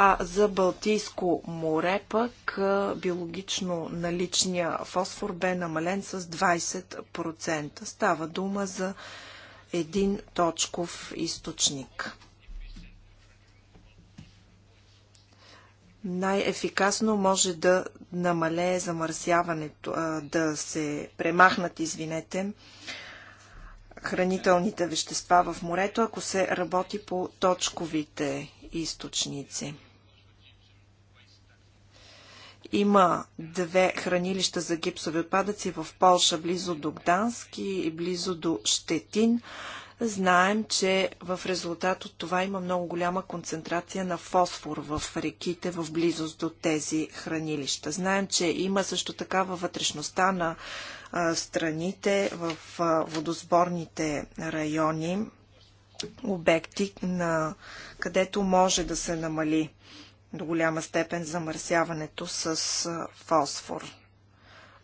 А за Балтийско море пък биологично наличния фосфор бе намален с 20%. Става дума за един точков източник. най-ефикасно може да намалее замърсяването, да се премахнат, извинете, хранителните вещества в морето, ако се работи по точковите източници. Има две хранилища за гипсови отпадъци в Полша, близо до Гдански и близо до Щетин. Знаем, че в резултат от това има много голяма концентрация на фосфор в реките в близост до тези хранилища. Знаем, че има също така във вътрешността на а, страните в а, водосборните райони обекти, на, където може да се намали до голяма степен замърсяването с фосфор.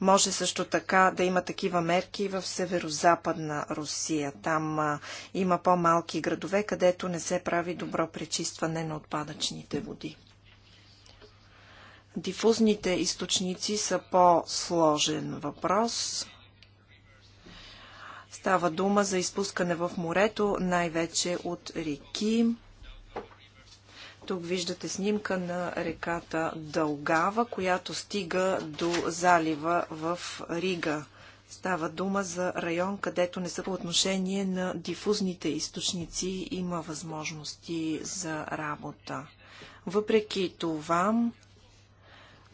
Може също така да има такива мерки в северо-западна Русия. Там а, има по-малки градове, където не се прави добро пречистване на отпадъчните води. Дифузните източници са по-сложен въпрос. Става дума за изпускане в морето, най-вече от реки. Тук виждате снимка на реката Дългава, която стига до залива в Рига. Става дума за район, където не са по отношение на дифузните източници има възможности за работа. Въпреки това,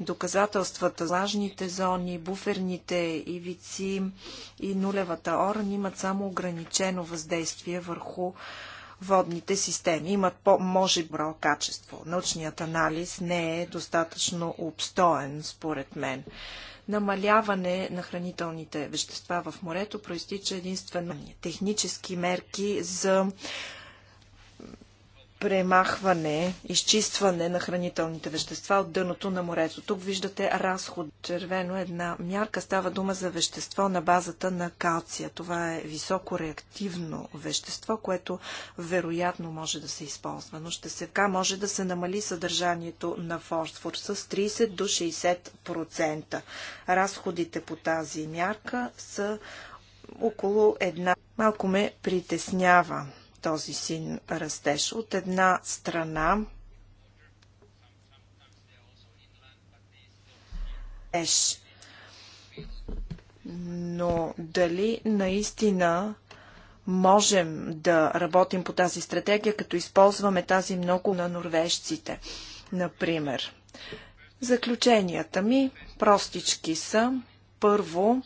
доказателствата, лажните зони, буферните ивици и нулевата орън имат само ограничено въздействие върху водните системи имат по-може бро качество. Научният анализ не е достатъчно обстоен, според мен. Намаляване на хранителните вещества в морето проистича единствено технически мерки за премахване, изчистване на хранителните вещества от дъното на морето. Тук виждате разход червено е една мярка. Става дума за вещество на базата на калция. Това е високо реактивно вещество, което вероятно може да се използва, но ще се така може да се намали съдържанието на фосфор с 30 до 60%. Разходите по тази мярка са около една. Малко ме притеснява този син растеж. От една страна еш. Но дали наистина можем да работим по тази стратегия, като използваме тази много на норвежците, например? Заключенията ми простички са. Първо,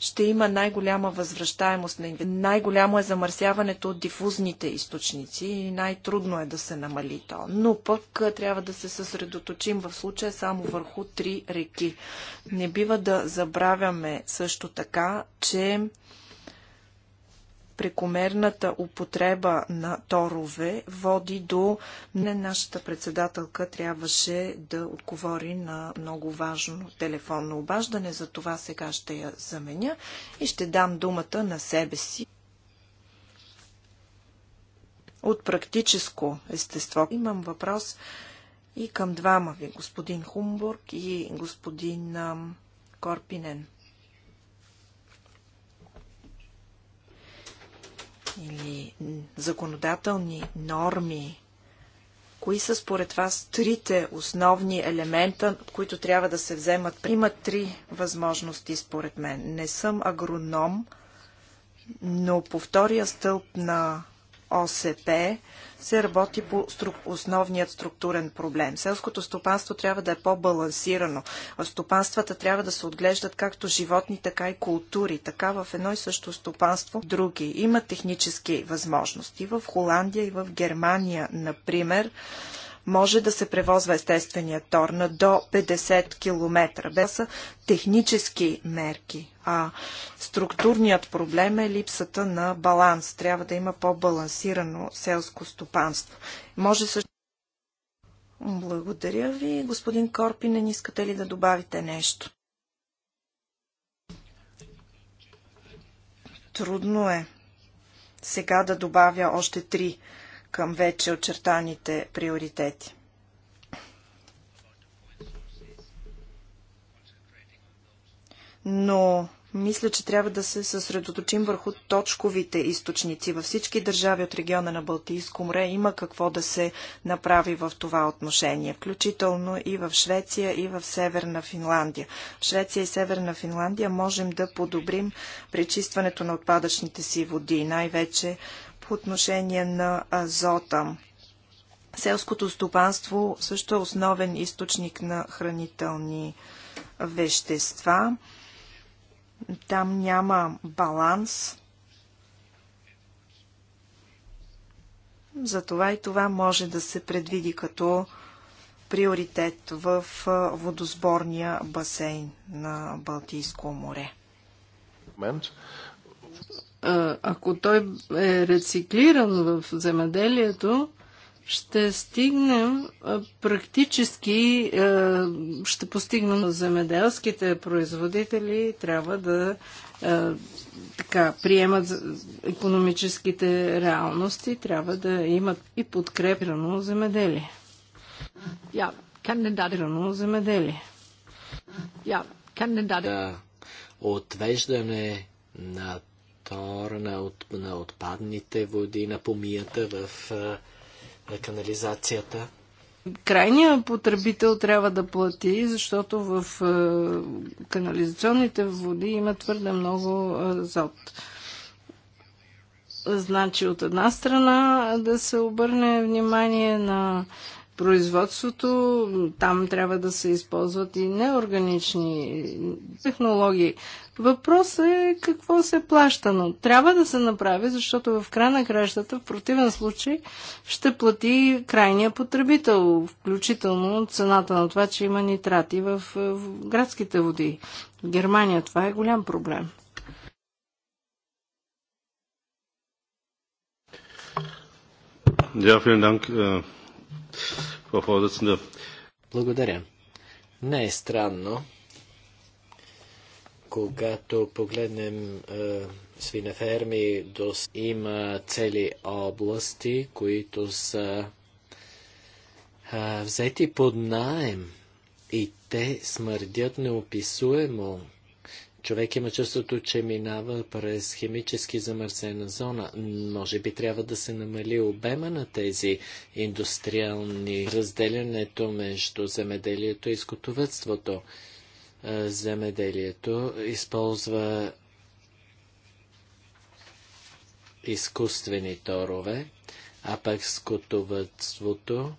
ще има най-голяма възвръщаемост на Най-голямо е замърсяването от дифузните източници и най-трудно е да се намали то. Но пък трябва да се съсредоточим в случая само върху три реки. Не бива да забравяме също така, че прекомерната употреба на торове води до... Не, нашата председателка трябваше да отговори на много важно телефонно обаждане, за това сега ще я заменя и ще дам думата на себе си. От практическо естество имам въпрос и към двама ви, господин Хумбург и господин Корпинен. или законодателни норми, кои са според вас трите основни елемента, които трябва да се вземат? Има три възможности според мен. Не съм агроном, но по втория стълб на ОСП се работи по струк... основният структурен проблем. Селското стопанство трябва да е по-балансирано. Стопанствата трябва да се отглеждат както животни, така и култури. Така в едно и също стопанство други. Има технически възможности. В Холандия и в Германия, например, може да се превозва естествения тор на до 50 км. Без са технически мерки, а структурният проблем е липсата на баланс. Трябва да има по-балансирано селско стопанство. Може също благодаря ви. Господин Корпинен, искате ли да добавите нещо? Трудно е сега да добавя още три към вече очертаните приоритети. Но мисля, че трябва да се съсредоточим върху точковите източници. Във всички държави от региона на Балтийско море има какво да се направи в това отношение, включително и в Швеция, и в Северна Финландия. В Швеция и Северна Финландия можем да подобрим пречистването на отпадъчните си води, най-вече по отношение на азота. Селското стопанство също е основен източник на хранителни вещества. Там няма баланс. Затова и това може да се предвиди като приоритет в водосборния басейн на Балтийско море ако той е рециклиран в земеделието, ще стигнем практически, ще постигнем земеделските производители, трябва да така, приемат економическите реалности, трябва да имат и подкрепено земеделие. Я, кандидатирано земеделие. Я, кандидатирано. отвеждане на затвор на, от, на отпадните води, на помията в на канализацията. Крайният потребител трябва да плати, защото в канализационните води има твърде много азот. Значи от една страна да се обърне внимание на производството, там трябва да се използват и неорганични технологии. Въпросът е какво се плаща, но трябва да се направи, защото в края на кращата, в противен случай, ще плати крайния потребител, включително цената на това, че има нитрати в, градските води. В Германия това е голям проблем. Ja, vielen Dank. Äh, благодаря. Не е странно, когато погледнем е, свинеферми, дос, има цели области, които са е, взети под найем и те смърдят неописуемо човек има чувството, че минава през химически замърсена зона. Може би трябва да се намали обема на тези индустриални разделянето между земеделието и скотовътството. Земеделието използва изкуствени торове, а пък скотовътството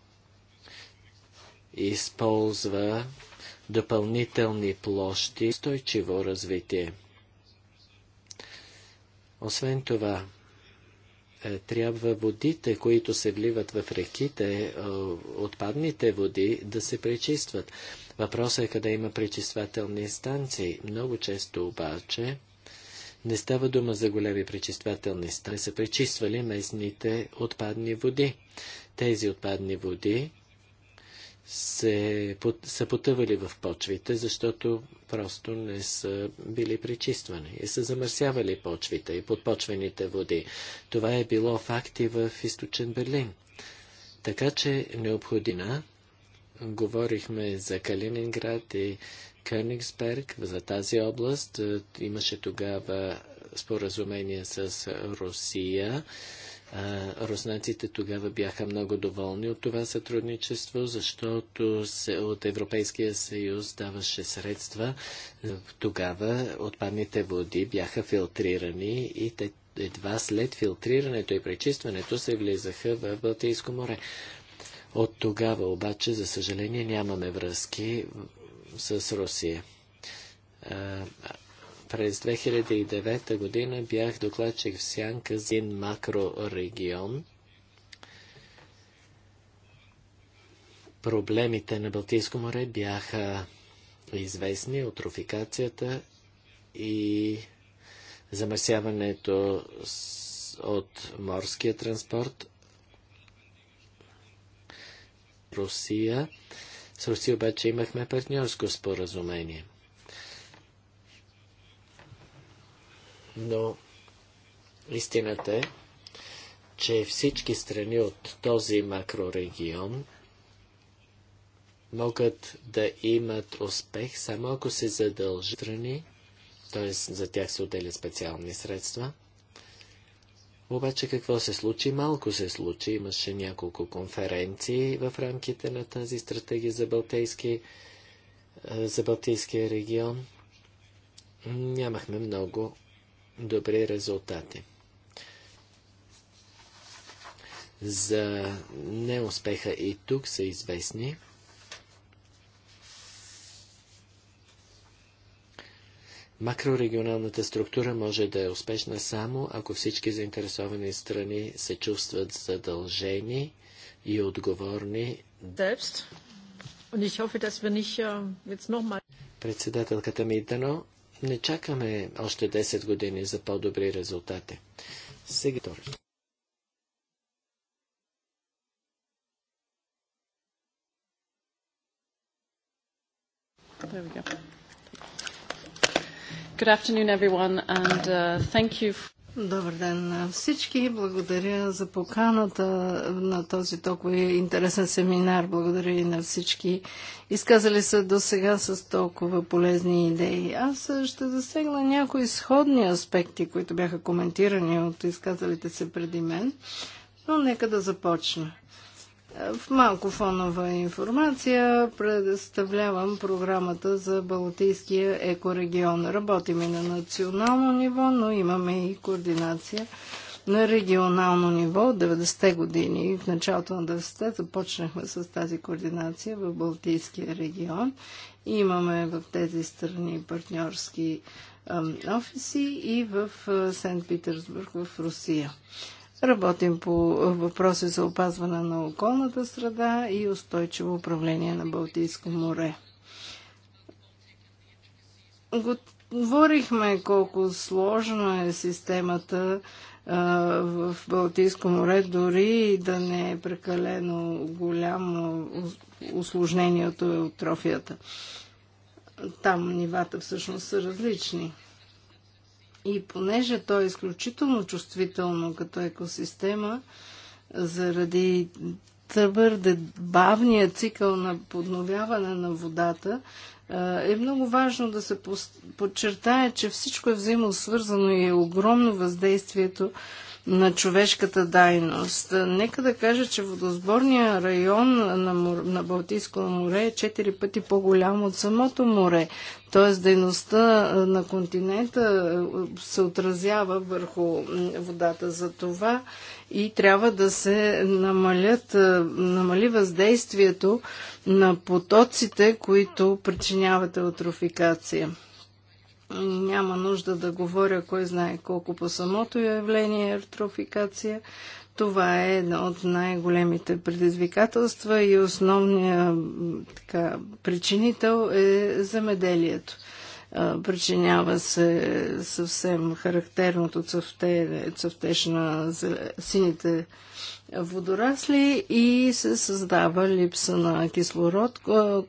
използва допълнителни площи, устойчиво развитие. Освен това, е, трябва водите, които се вливат в реките, е, отпадните води, да се пречистват. Въпросът е къде има пречиствателни станции. Много често обаче не става дума за големи пречиствателни станции. Са пречиствали местните отпадни води. Тези отпадни води се, са потъвали в почвите, защото просто не са били пречиствани и са замърсявали почвите и подпочвените води. Това е било факт и в източен Берлин. Така че необходима говорихме за Калининград и Кёнигсберг, за тази област. Имаше тогава споразумение с Русия руснаците тогава бяха много доволни от това сътрудничество, защото се, от Европейския съюз даваше средства. Е, тогава отпадните води бяха филтрирани и те едва след филтрирането и пречистването се влизаха в Балтийско море. От тогава обаче, за съжаление, нямаме връзки с Русия. През 2009 година бях докладчик в Сянка за един макрорегион. Проблемите на Балтийско море бяха известни от руфикацията и замърсяването от морския транспорт. Русия. С Русия обаче имахме партньорско споразумение. но истината е, че всички страни от този макрорегион могат да имат успех само ако се задължат страни, т.е. за тях се отделят специални средства. Обаче какво се случи? Малко се случи. Имаше няколко конференции в рамките на тази стратегия за, Балтийски, за Балтийския регион. Нямахме много добри резултати. За неуспеха и тук са известни. Макрорегионалната структура може да е успешна само ако всички заинтересовани страни се чувстват задължени и отговорни. Äh, Председателката ми дано не чакаме още 10 години за по-добри резултати. Сега There we go. Good afternoon, everyone, and uh, thank you. For Добър ден на всички. Благодаря за поканата на този толкова интересен семинар. Благодаря и на всички изказали се до сега с толкова полезни идеи. Аз ще засегна някои сходни аспекти, които бяха коментирани от изказалите се преди мен, но нека да започна. В малко фонова информация представлявам програмата за Балтийския екорегион. Работим и на национално ниво, но имаме и координация на регионално ниво от 90-те години. В началото на 90-те започнахме с тази координация в Балтийския регион. И имаме в тези страни партньорски офиси и в Сент-Питерсбург в Русия. Работим по въпроси за опазване на околната среда и устойчиво управление на Балтийско море. Говорихме колко сложна е системата в Балтийско море, дори и да не е прекалено голямо осложнението е от трофията. Там нивата всъщност са различни. И понеже то е изключително чувствително като екосистема, заради твърде бавния цикъл на подновяване на водата, е много важно да се подчертае, че всичко е взаимосвързано и е огромно въздействието на човешката дайност. Нека да кажа, че водосборния район на, мор... на Балтийско море е четири пъти по-голям от самото море. Тоест дейността на континента се отразява върху водата за това и трябва да се намалят, намали въздействието на потоците, които причиняват еутрофикация. Няма нужда да говоря кой знае колко по самото явление е ертрофикация. Това е едно от най-големите предизвикателства и основният така, причинител е земеделието. Причинява се съвсем характерното цъфтеж на сините водорасли и се създава липса на кислород,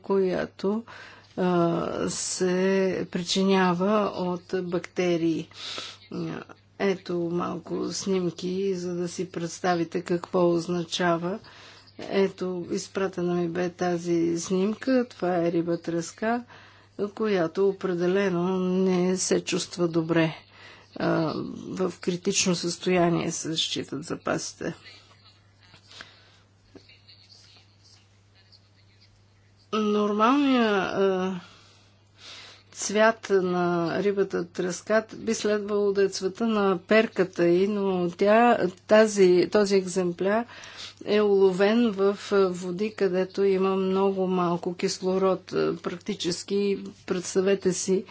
която се причинява от бактерии. Ето малко снимки, за да си представите какво означава. Ето, изпратена ми бе тази снимка. Това е риба треска, която определено не се чувства добре. В критично състояние се считат запасите. нормалния цвят на рибата тръскат би следвало да е цвета на перката и, но тя, тази, този екземпляр е уловен в води, където има много малко кислород. Практически представете си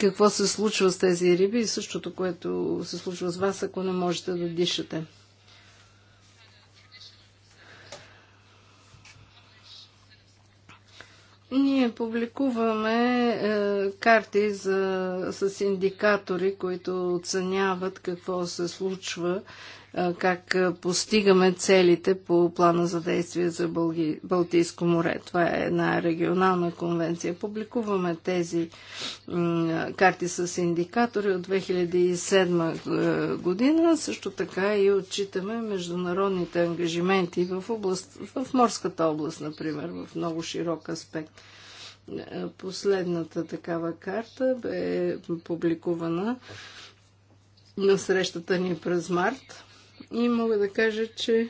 какво се случва с тези риби и същото, което се случва с вас, ако не можете да дишате. Ние публикуваме е, карти за, с индикатори, които оценяват какво се случва как постигаме целите по плана за действие за Бълги... Балтийско море. Това е една регионална конвенция. Публикуваме тези карти с индикатори от 2007 година. Също така и отчитаме международните ангажименти в, област, в морската област, например, в много широк аспект. Последната такава карта бе публикувана на срещата ни през март и мога да кажа, че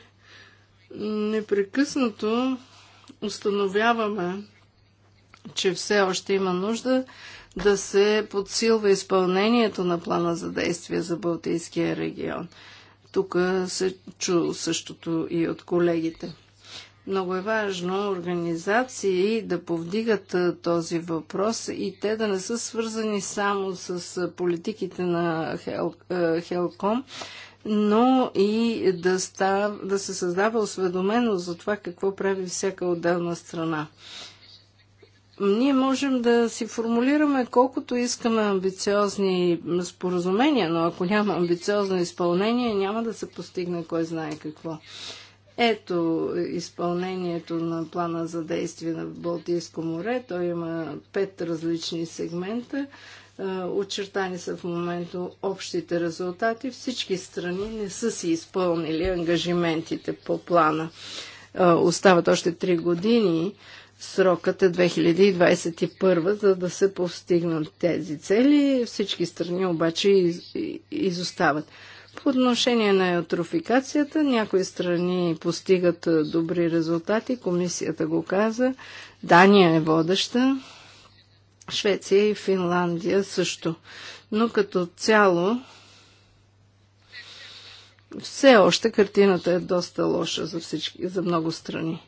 непрекъснато установяваме, че все още има нужда да се подсилва изпълнението на плана за действие за Балтийския регион. Тук се чу същото и от колегите. Много е важно организации да повдигат този въпрос и те да не са свързани само с политиките на Хелком, но и да, став, да се създава осведоменост за това какво прави всяка отделна страна. Ние можем да си формулираме колкото искаме амбициозни споразумения, но ако няма амбициозно изпълнение, няма да се постигне кой знае какво. Ето изпълнението на плана за действие на Балтийско море. Той има пет различни сегмента. Очертани са в момента общите резултати. Всички страни не са си изпълнили ангажиментите по плана. Остават още 3 години. Срокът е 2021, за да се постигнат тези цели. Всички страни обаче из, изостават. По отношение на еутрофикацията, някои страни постигат добри резултати, комисията го каза, Дания е водеща, Швеция и Финландия също. Но като цяло все още картината е доста лоша за, всички, за много страни.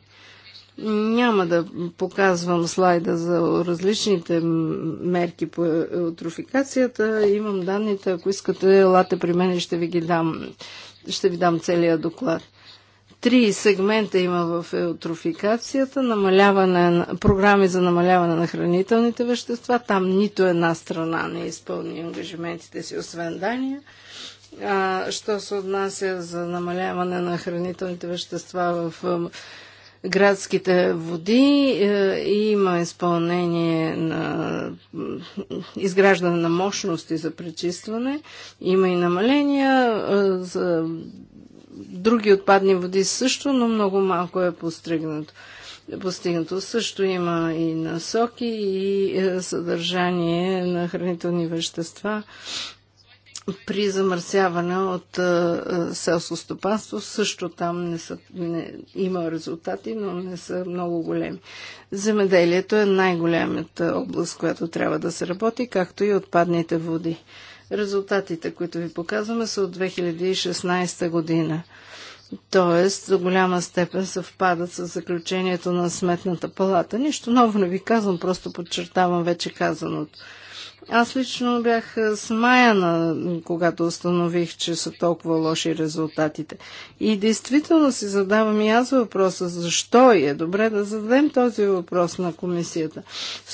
Няма да показвам слайда за различните мерки по еутрофикацията. Имам данните. Ако искате, лате при мен и ще ви ги дам. Ще ви дам целият доклад три сегмента има в еутрофикацията. Намаляване на, програми за намаляване на хранителните вещества. Там нито една страна не изпълни ангажиментите си, освен Дания. А, що се отнася за намаляване на хранителните вещества в градските води и е, има изпълнение на изграждане на мощности за пречистване. Има и намаления за други отпадни води също, но много малко е постигнато. Постигнато също има и насоки, и е, съдържание на хранителни вещества при замърсяване от е, е, селско стопанство. Също там не са, не, има резултати, но не са много големи. Земеделието е най-голямата област, която трябва да се работи, както и отпадните води. Резултатите, които ви показваме, са от 2016 година. Тоест, за голяма степен съвпадат с заключението на Сметната палата. Нищо ново не ви казвам, просто подчертавам вече казаното. Аз лично бях смаяна, когато установих, че са толкова лоши резултатите. И действително си задавам и аз въпроса, защо и е добре да зададем този въпрос на комисията.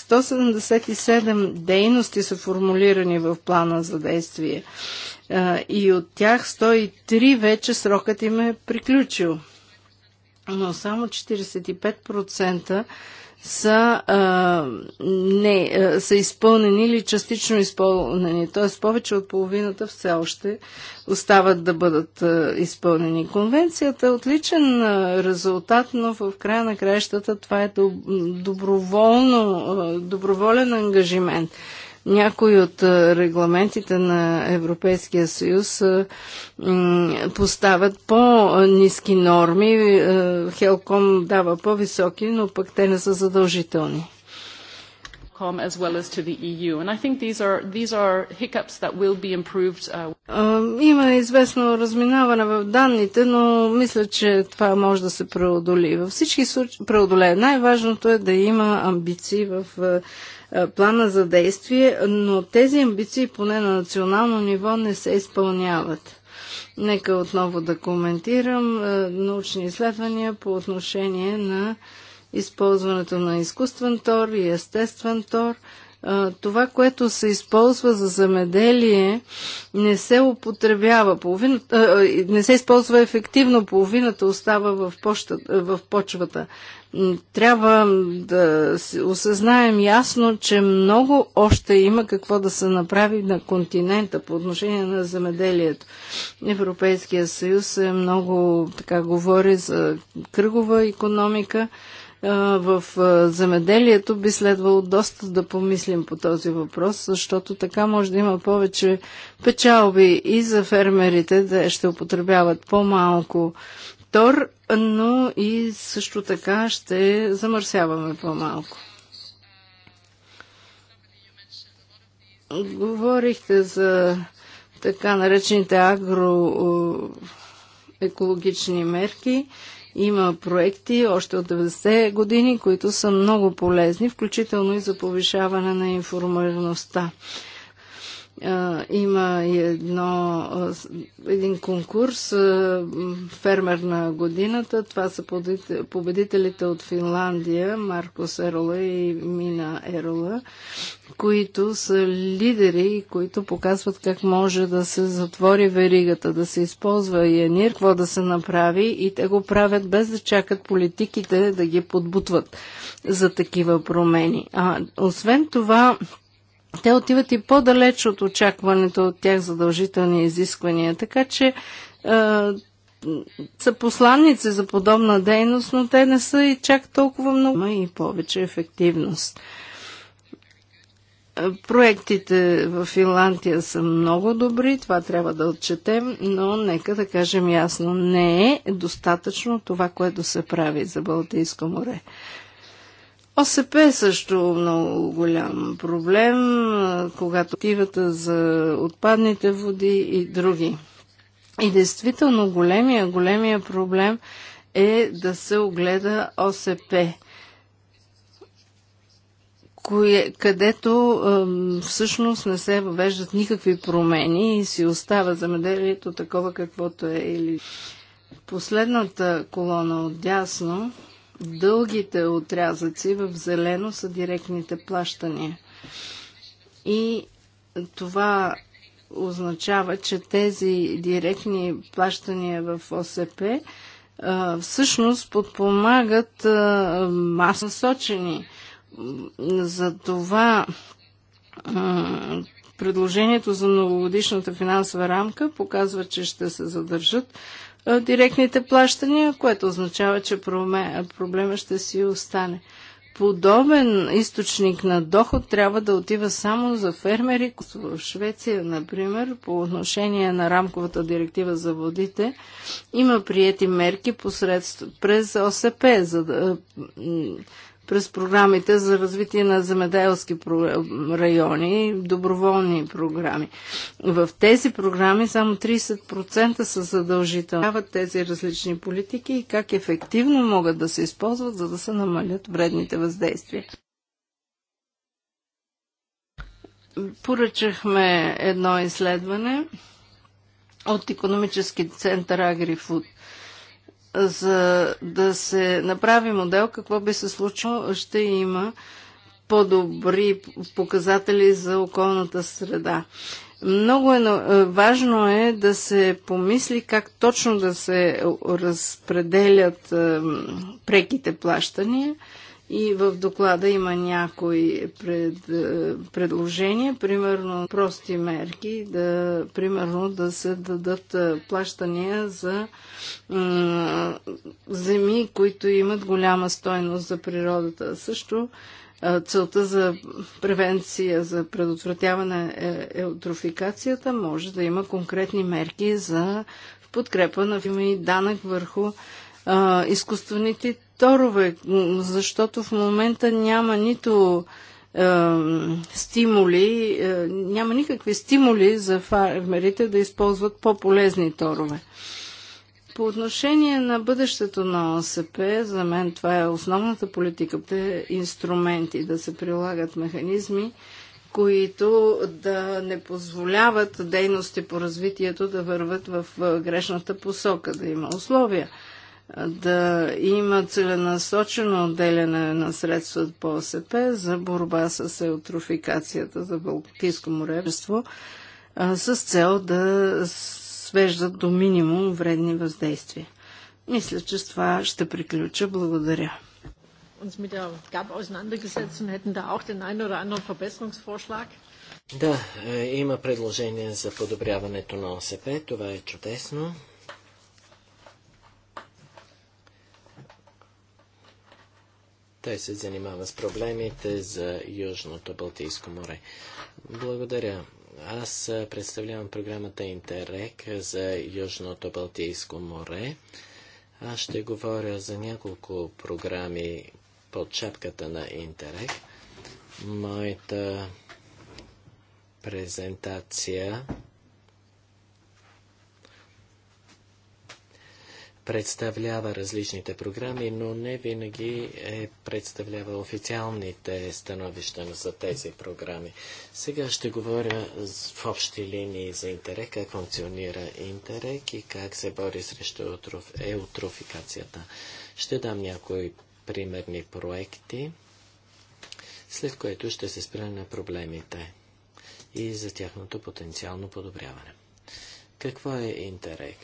177 дейности са формулирани в плана за действие и от тях 103 вече срокът им е приключил. Но само 45% са, а, не, а, са изпълнени или частично изпълнени. Т.е. повече от половината все още остават да бъдат а, изпълнени. Конвенцията е отличен а, резултат, но в края на краищата това е доброволно, а, доброволен ангажимент. Някои от регламентите на Европейския съюз поставят по-низки норми. Хелком дава по-високи, но пък те не са задължителни. COM as well as to the EU. And I think these are, these are hiccups that will be improved. Uh, има известно разминаване в данните, но мисля, че това може да се преодоли. Във всички случаи преодолее. Най-важното е да има амбиции в е, е, плана за действие, но тези амбиции поне на национално ниво не се изпълняват. Нека отново да коментирам е, научни изследвания по отношение на използването на изкуствен тор и естествен тор. Това, което се използва за замеделие, не се употребява, половината, не се използва ефективно, половината остава в, почта, в почвата. Трябва да осъзнаем ясно, че много още има какво да се направи на континента по отношение на замеделието. Европейския съюз е много така говори за кръгова економика в земеделието би следвало доста да помислим по този въпрос, защото така може да има повече печалби и за фермерите, да ще употребяват по-малко тор, но и също така ще замърсяваме по-малко. Говорихте за така наречените агроекологични мерки. Има проекти още от 90 те години, които са много полезни, включително и за повишаване на информираността има едно, един конкурс фермер на годината. Това са победителите от Финландия, Маркос Ерола и Мина Ерола, които са лидери и които показват как може да се затвори веригата, да се използва янир, какво да се направи и те го правят без да чакат политиките да ги подбутват за такива промени. А, освен това, те отиват и по-далеч от очакването от тях задължителни изисквания. Така че е, са посланници за подобна дейност, но те не са и чак толкова много и повече ефективност. Е, проектите в Финландия са много добри, това трябва да отчетем, но нека да кажем ясно, не е достатъчно това, което се прави за Балтийско море. ОСП е също много голям проблем, когато тивата за отпадните води и други. И действително големия, големия проблем е да се огледа ОСП, кое, където е, всъщност не се въвеждат никакви промени и си остава замеделието такова каквото е. Или последната колона от дясно – дългите отрязъци в зелено са директните плащания. И това означава, че тези директни плащания в ОСП всъщност подпомагат маса сочени. За това предложението за многогодишната финансова рамка показва, че ще се задържат директните плащания, което означава, че проблема ще си остане. Подобен източник на доход трябва да отива само за фермери. В Швеция, например, по отношение на рамковата директива за водите, има приети мерки посредство, през ОСП за да, през програмите за развитие на земеделски райони, доброволни програми. В тези програми само 30% са задължителни. Тези различни политики и как ефективно могат да се използват, за да се намалят вредните въздействия. Поръчахме едно изследване от економически център Агрифуд за да се направи модел, какво би се случило, ще има по-добри показатели за околната среда. Много е, е важно е да се помисли как точно да се разпределят преките плащания – и в доклада има някои пред, е, предложения, примерно прости мерки, да, примерно да се дадат е, плащания за земи, които имат голяма стойност за природата. Също е, целта за превенция, за предотвратяване еутрофикацията може да има конкретни мерки за подкрепа на и данък върху а, изкуствените торове, защото в момента няма нито а, стимули, а, няма никакви стимули за фермерите да използват по-полезни торове. По отношение на бъдещето на ОСП, за мен това е основната политика, те инструменти, да се прилагат механизми, които да не позволяват дейности по развитието да върват в грешната посока, да има условия да има целенасочено отделяне на средства по ОСП за борба с еутрофикацията за Балтийско морежество с цел да свеждат до минимум вредни въздействия. Мисля, че с това ще приключа. Благодаря. Да, е, има предложение за подобряването на ОСП. Това е чудесно. Той се занимава с проблемите за Южното Балтийско море. Благодаря. Аз представлявам програмата Интерек за Южното Балтийско море. Аз ще говоря за няколко програми под шапката на Интерек. Моята презентация представлява различните програми, но не винаги е представлява официалните становища за тези програми. Сега ще говоря в общи линии за Интерек, как функционира Интерек и как се бори срещу еутрофикацията. Ще дам някои примерни проекти, след което ще се спра на проблемите и за тяхното потенциално подобряване. Какво е Интерек?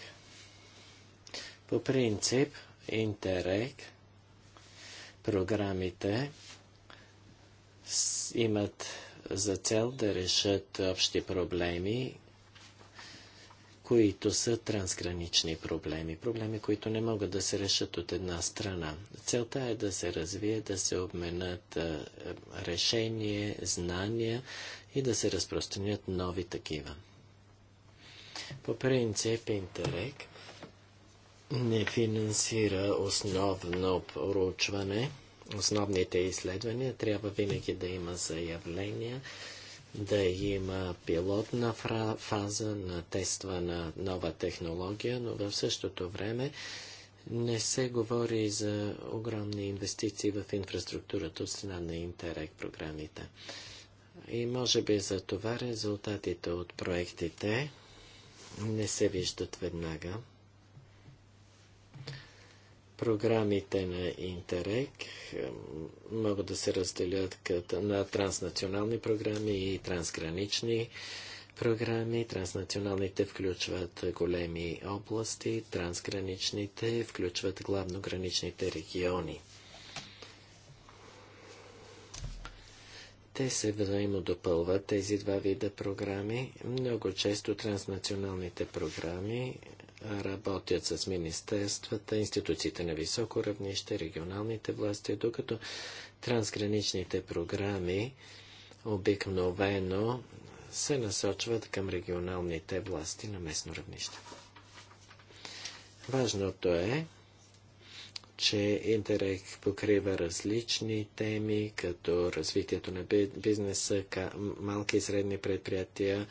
По принцип, Интерек, програмите имат за цел да решат общи проблеми, които са трансгранични проблеми, проблеми, които не могат да се решат от една страна. Целта е да се развие, да се обменят решения, решение, знания и да се разпространят нови такива. По принцип, Интерек – не финансира основно проучване, основните изследвания. Трябва винаги да има заявления, да има пилотна фаза на тества на нова технология, но в същото време не се говори за огромни инвестиции в инфраструктурата от страна на интерект програмите. И може би за това резултатите от проектите не се виждат веднага. Програмите на Интерек могат да се разделят на транснационални програми и трансгранични програми. Транснационалните включват големи области, трансграничните включват главно граничните региони. Те се взаимодопълват тези два вида програми. Много често транснационалните програми работят с министерствата, институциите на високо равнище, регионалните власти, докато трансграничните програми обикновено се насочват към регионалните власти на местно равнище. Важното е, че Интерек покрива различни теми, като развитието на бизнеса, малки и средни предприятия,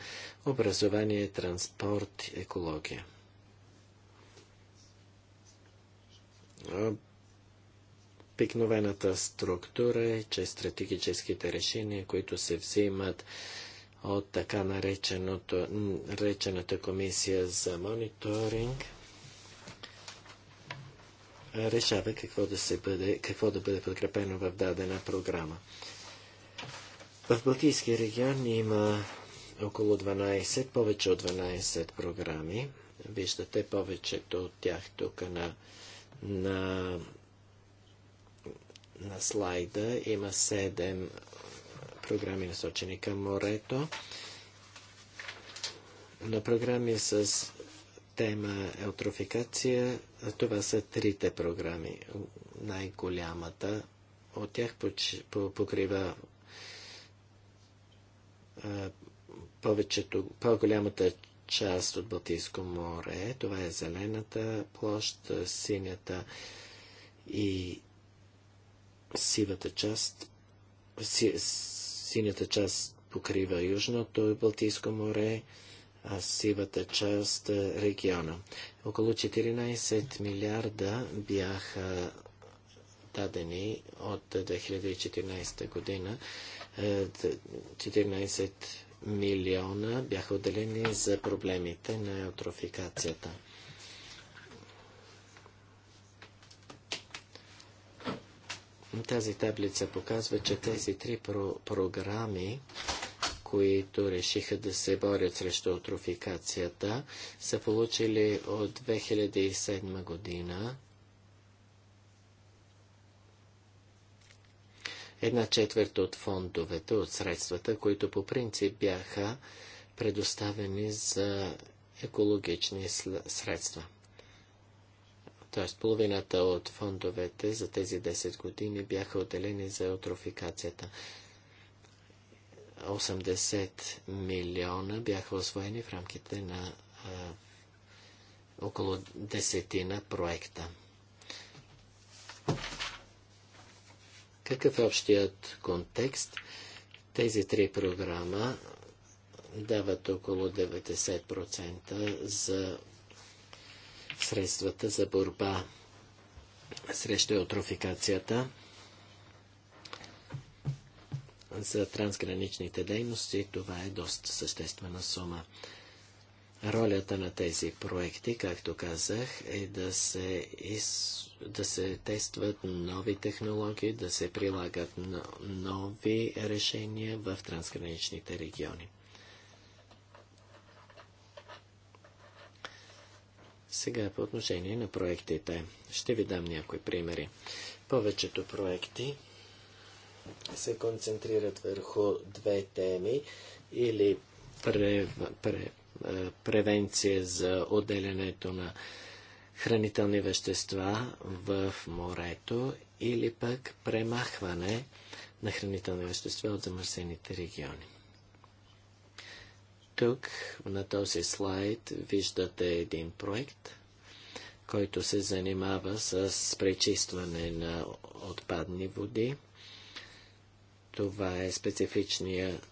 образование, транспорт, екология. Обикновената структура е, че стратегическите решения, които се взимат от така наречената комисия за мониторинг, решава какво да, се бъде, какво да бъде подкрепено в дадена програма. В Балтийския регион има около 12, повече от 12 програми. Виждате повечето от тях тук на на, на слайда има 7 програми насочени към морето. На програми с тема еутрофикация, това са трите програми. Най-голямата от тях покрива повечето, по-голямата част от Балтийско море. Това е зелената площ, синята и сивата част. Си, синята част покрива Южното Балтийско море, а сивата част региона. Около 14 милиарда бяха дадени от 2014 година. 14 е, милиона бяха отделени за проблемите на еутрофикацията. Тази таблица показва, че тези три про- програми, които решиха да се борят срещу еутрофикацията, са получили от 2007 година една четвърт от фондовете, от средствата, които по принцип бяха предоставени за екологични средства. Тоест половината от фондовете за тези 10 години бяха отделени за еутрофикацията. 80 милиона бяха освоени в рамките на а, около десетина проекта. Какъв е общият контекст? Тези три програма дават около 90% за средствата за борба срещу еутрофикацията. За трансграничните дейности това е доста съществена сума. Ролята на тези проекти, както казах, е да се, из... да се тестват нови технологии, да се прилагат нови решения в трансграничните региони. Сега по отношение на проектите. Ще ви дам някои примери. Повечето проекти се концентрират върху две теми или пре, пре, е, превенция за отделянето на хранителни вещества в морето или пък премахване на хранителни вещества от замърсените региони. Тук на този слайд виждате един проект, който се занимава с пречистване на отпадни води. Това е специфичният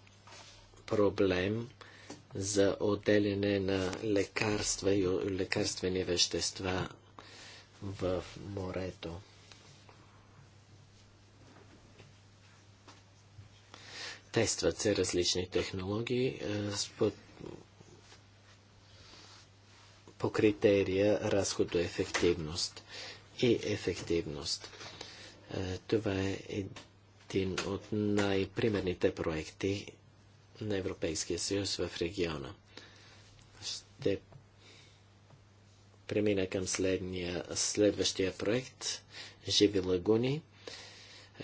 проблем за отделяне на лекарства и лекарствени вещества в морето. Тестват се различни технологии е, по, по критерия разходоефективност и ефективност. Е, това е един от най-примерните проекти на Европейския съюз в региона. Ще премина към следния, следващия проект Живи лагуни.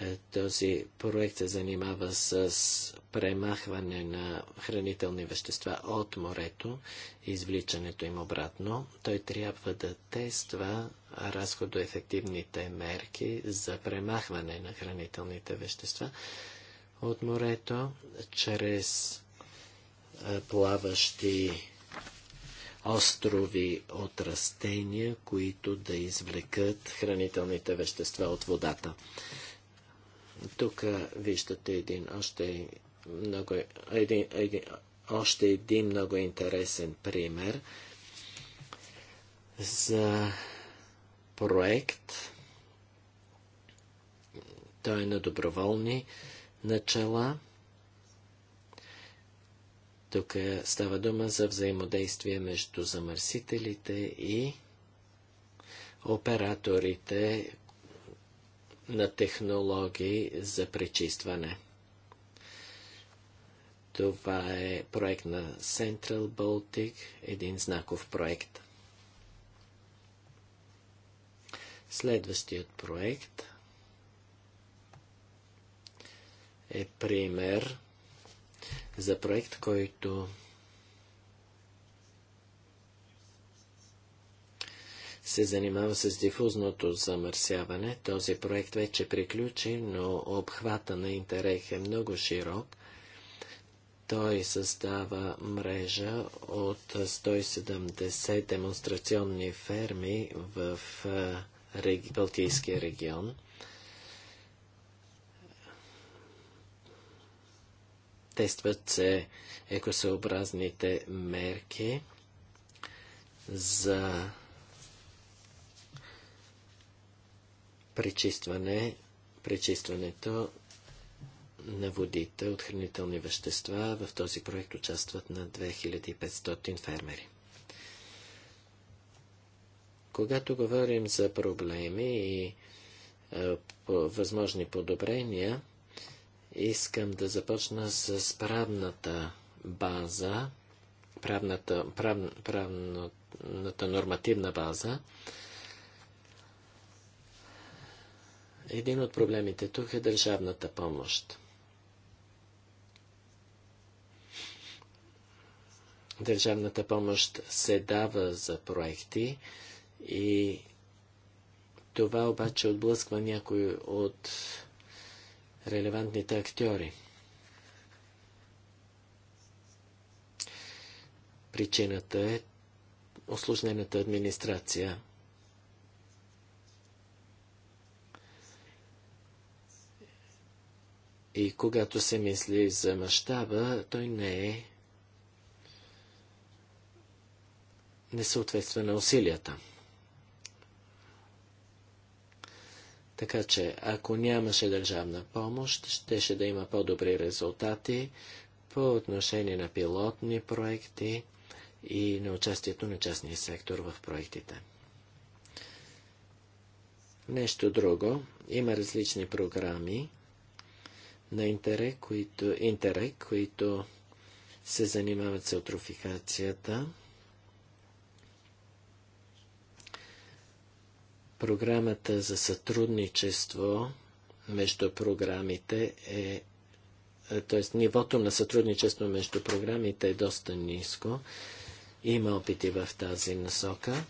Е, този проект се занимава с премахване на хранителни вещества от морето и извличането им обратно. Той трябва да тества разходоефективните мерки за премахване на хранителните вещества от морето чрез плаващи острови от растения, които да извлекат хранителните вещества от водата. Тук виждате един още много, един, един, още един много интересен пример за проект. Той е на доброволни начала. Тук е, става дума за взаимодействие между замърсителите и операторите на технологии за пречистване. Това е проект на Central Baltic, един знаков проект. Следващият проект е пример за проект, който се занимава с дифузното замърсяване. Този проект вече приключи, но обхвата на Интерех е много широк. Той създава мрежа от 170 демонстрационни ферми в е, Балтийския регион. тестват се екосъобразните мерки за пречистване, пречистването на водите от хранителни вещества. В този проект участват на 2500 фермери. Когато говорим за проблеми и възможни подобрения, Искам да започна с правната база, правната, прав, правната нормативна база. Един от проблемите тук е държавната помощ. Държавната помощ се дава за проекти и това обаче отблъсква някои от релевантните актьори. Причината е осложнената администрация. И когато се мисли за мащаба, той не е не съответства на усилията. Така че, ако нямаше държавна помощ, щеше да има по-добри резултати по отношение на пилотни проекти и на участието на частния сектор в проектите. Нещо друго. Има различни програми на Интерек, които, Интерек, които се занимават с еутрофикацията. Програмата за сътрудничество между програмите е, е т.е. нивото на сътрудничество между програмите е доста ниско. Има опити в тази насока.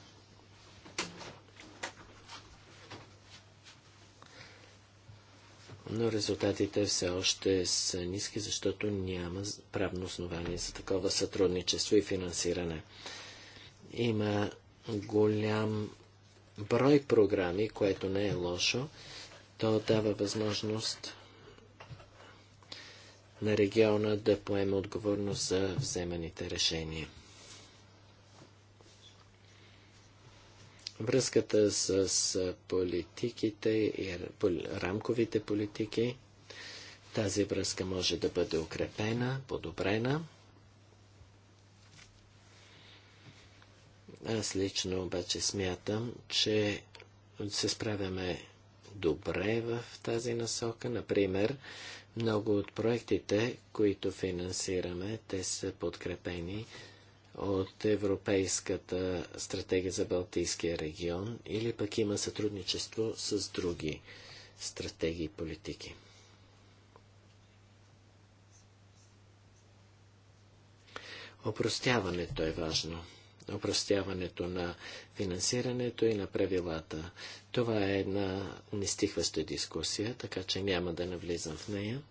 Но резултатите все още са ниски, защото няма правно основание за такова сътрудничество и финансиране. Има голям брой програми, което не е лошо. То дава възможност на региона да поеме отговорност за вземаните решения. Връзката с политиките и рамковите политики, тази връзка може да бъде укрепена, подобрена. Аз лично обаче смятам, че се справяме добре в тази насока. Например, много от проектите, които финансираме, те са подкрепени от Европейската стратегия за Балтийския регион или пък има сътрудничество с други стратегии и политики. Опростяването е важно упростяването на финансирането и на правилата. Това е една нестихваща дискусия, така че няма да навлизам в нея.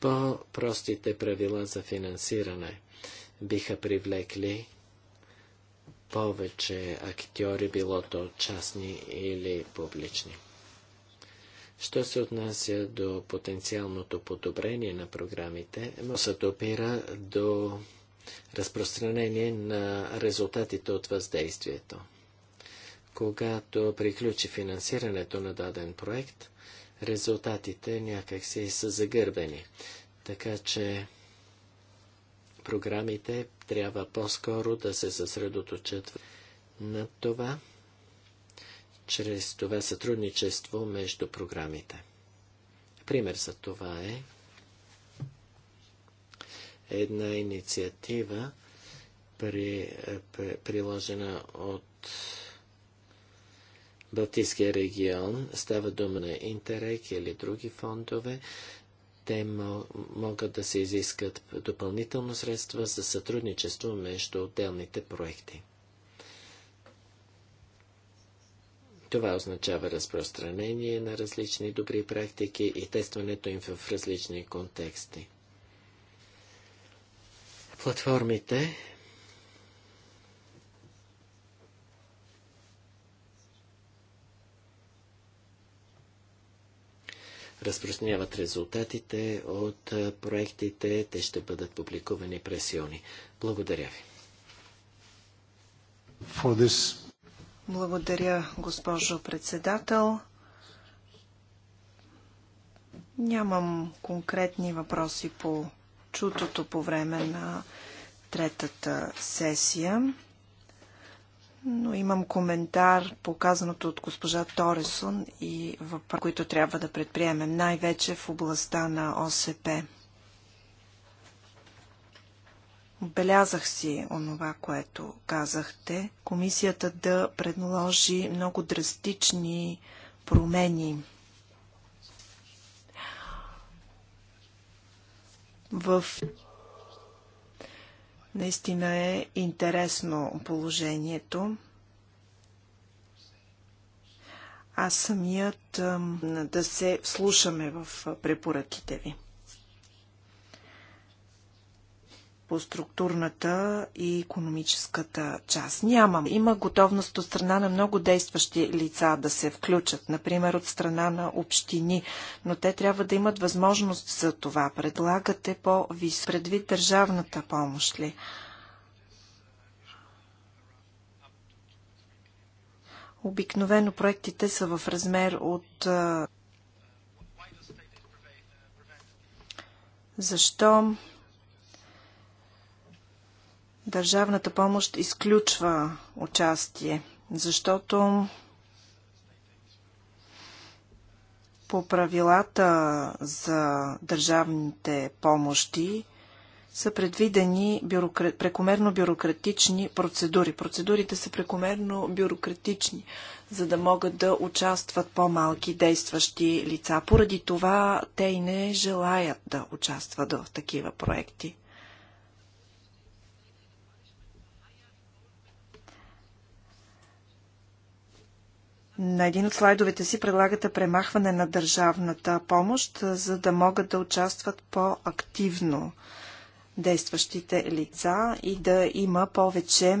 По-простите правила за финансиране биха привлекли повече актьори, било то частни или публични. Що се отнася до потенциалното подобрение на програмите, се допира до разпространение на резултатите от въздействието. Когато приключи финансирането на даден проект, резултатите някакси са загърбени. Така че програмите трябва по-скоро да се съсредоточат на това чрез това сътрудничество между програмите. Пример за това е една инициатива, при, е, при, приложена от Балтийския регион. Става дума на Интерек или други фондове. Те могат да се изискат допълнително средства за сътрудничество между отделните проекти. Това означава разпространение на различни добри практики и тестването им в различни контексти. Платформите разпространяват резултатите от проектите. Те ще бъдат публикувани през юни. Благодаря ви. For this благодаря, госпожо председател. Нямам конкретни въпроси по чутото по време на третата сесия, но имам коментар по казаното от госпожа Торесон и въпроси, които трябва да предприемем, най-вече в областта на ОСП. Отбелязах си онова, което казахте. Комисията да предложи много драстични промени в Наистина е интересно положението. Аз самият да се слушаме в препоръките ви. по структурната и економическата част. Нямам. Има готовност от страна на много действащи лица да се включат, например от страна на общини, но те трябва да имат възможност за това. Предлагате по-вис предвид държавната помощ ли? Обикновено проектите са в размер от защо Държавната помощ изключва участие, защото по правилата за държавните помощи са предвидени бюрокра... прекомерно бюрократични процедури. Процедурите са прекомерно бюрократични, за да могат да участват по-малки действащи лица. Поради това те и не желаят да участват в такива проекти. На един от слайдовете си предлагате премахване на държавната помощ, за да могат да участват по-активно действащите лица и да има повече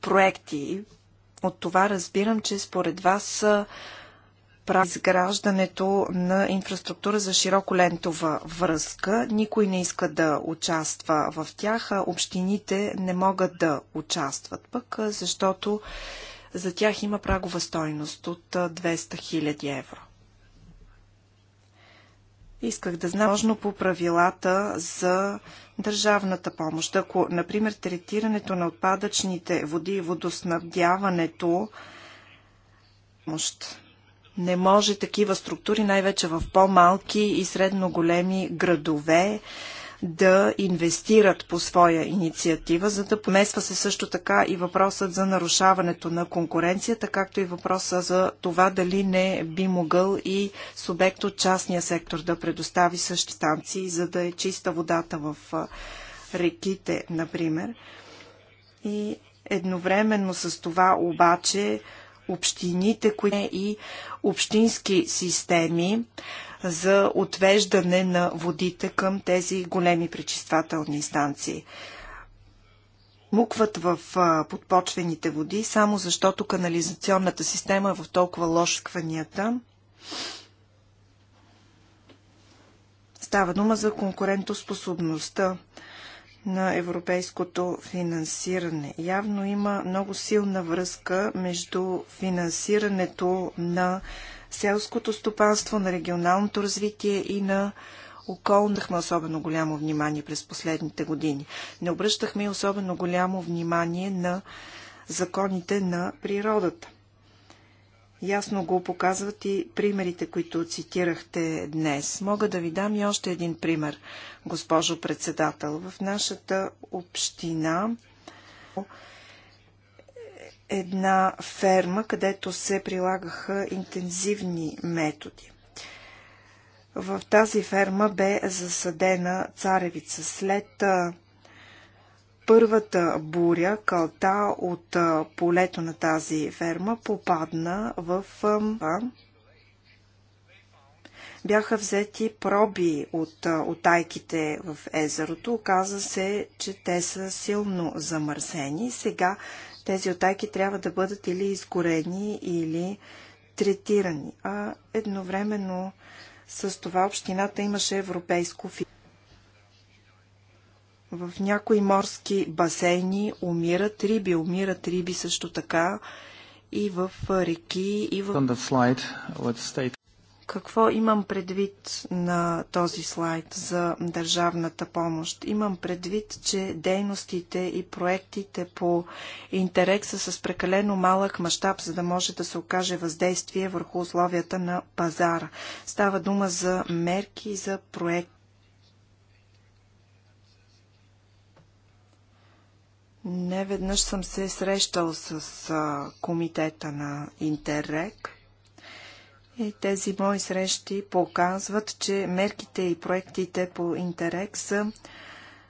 проекти. От това разбирам, че според вас прави изграждането на инфраструктура за широколентова връзка. Никой не иска да участва в тях, а общините не могат да участват пък, защото за тях има прагова стойност от 200 000 евро. Исках да знам можно по правилата за държавната помощ. Ако, например, третирането на отпадъчните води и водоснабдяването мощ, не може такива структури, най-вече в по-малки и средно големи градове, да инвестират по своя инициатива, за да помесва се също така и въпросът за нарушаването на конкуренцията, както и въпроса за това дали не би могъл и субект от частния сектор да предостави същи станции, за да е чиста водата в реките, например. И едновременно с това обаче общините, които и общински системи, за отвеждане на водите към тези големи пречиствателни станции. Мукват в подпочвените води, само защото канализационната система е в толкова лош скванията. Става дума за конкурентоспособността на европейското финансиране. Явно има много силна връзка между финансирането на селското стопанство, на регионалното развитие и на околнахме особено голямо внимание през последните години. Не обръщахме особено голямо внимание на законите на природата. Ясно го показват и примерите, които цитирахте днес. Мога да ви дам и още един пример, госпожо председател. В нашата община една ферма, където се прилагаха интензивни методи. В тази ферма бе засадена царевица. След първата буря, калта от полето на тази ферма попадна в бяха взети проби от отайките в езерото. Оказа се, че те са силно замърсени. Сега тези отайки трябва да бъдат или изгорени, или третирани. А едновременно с това общината имаше европейско фирма. В някои морски басейни умират риби, умират риби също така и в реки, и в... Какво имам предвид на този слайд за държавната помощ? Имам предвид, че дейностите и проектите по Интерек са с прекалено малък мащаб, за да може да се окаже въздействие върху условията на пазара. Става дума за мерки, за проекти Не веднъж съм се срещал с а, комитета на Интеррек и тези мои срещи показват, че мерките и проектите по Интеррек са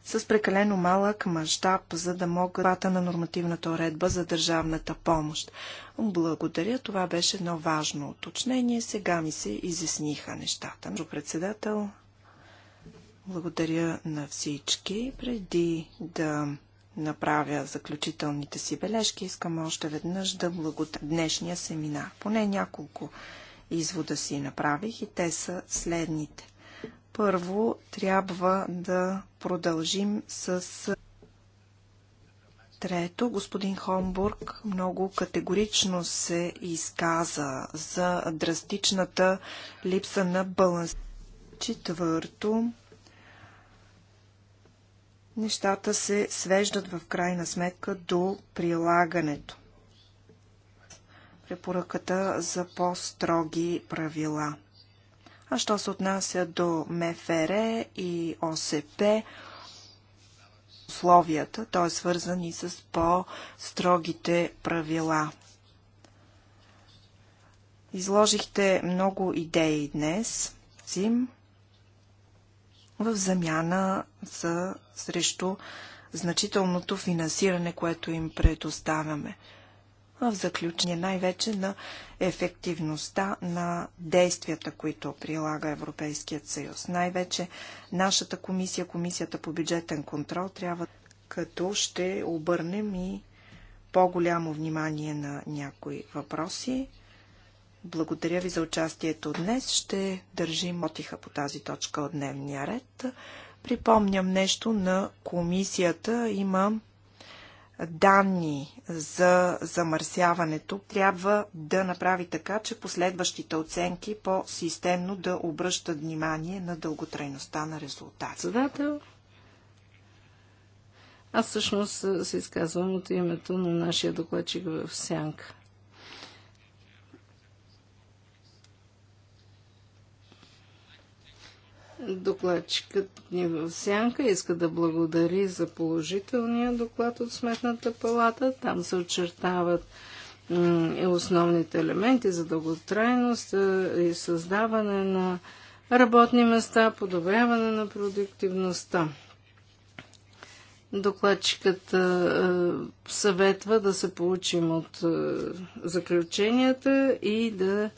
с прекалено малък мащаб, за да могат бата на нормативната уредба за държавната помощ. Благодаря, това беше едно важно уточнение. Сега ми се изясниха нещата. Председател, благодаря на всички. Преди да направя заключителните си бележки, искам още веднъж да благодаря днешния семинар. Поне няколко извода си направих и те са следните. Първо, трябва да продължим с Трето, господин Хомбург много категорично се изказа за драстичната липса на баланс. Четвърто, нещата се свеждат в крайна сметка до прилагането. Препоръката за по-строги правила. А що се отнася до МФР и ОСП, условията, то е свързан свързани с по-строгите правила. Изложихте много идеи днес, Зим в замяна за срещу значителното финансиране, което им предоставяме. В заключение най-вече на ефективността на действията, които прилага Европейският съюз. Най-вече нашата комисия, комисията по бюджетен контрол, трябва като ще обърнем и по-голямо внимание на някои въпроси, благодаря ви за участието днес. Ще държим отиха по тази точка от дневния ред. Припомням нещо на комисията. Има данни за замърсяването, трябва да направи така, че последващите оценки по-системно да обръщат внимание на дълготрайността на резултата. Задател. аз всъщност се изказвам от името на нашия докладчик в Сянка. Докладчикът ни в Сянка иска да благодари за положителния доклад от Сметната палата. Там се очертават основните елементи за дълготрайност и създаване на работни места, подобряване на продуктивността. Докладчикът съветва да се получим от заключенията и да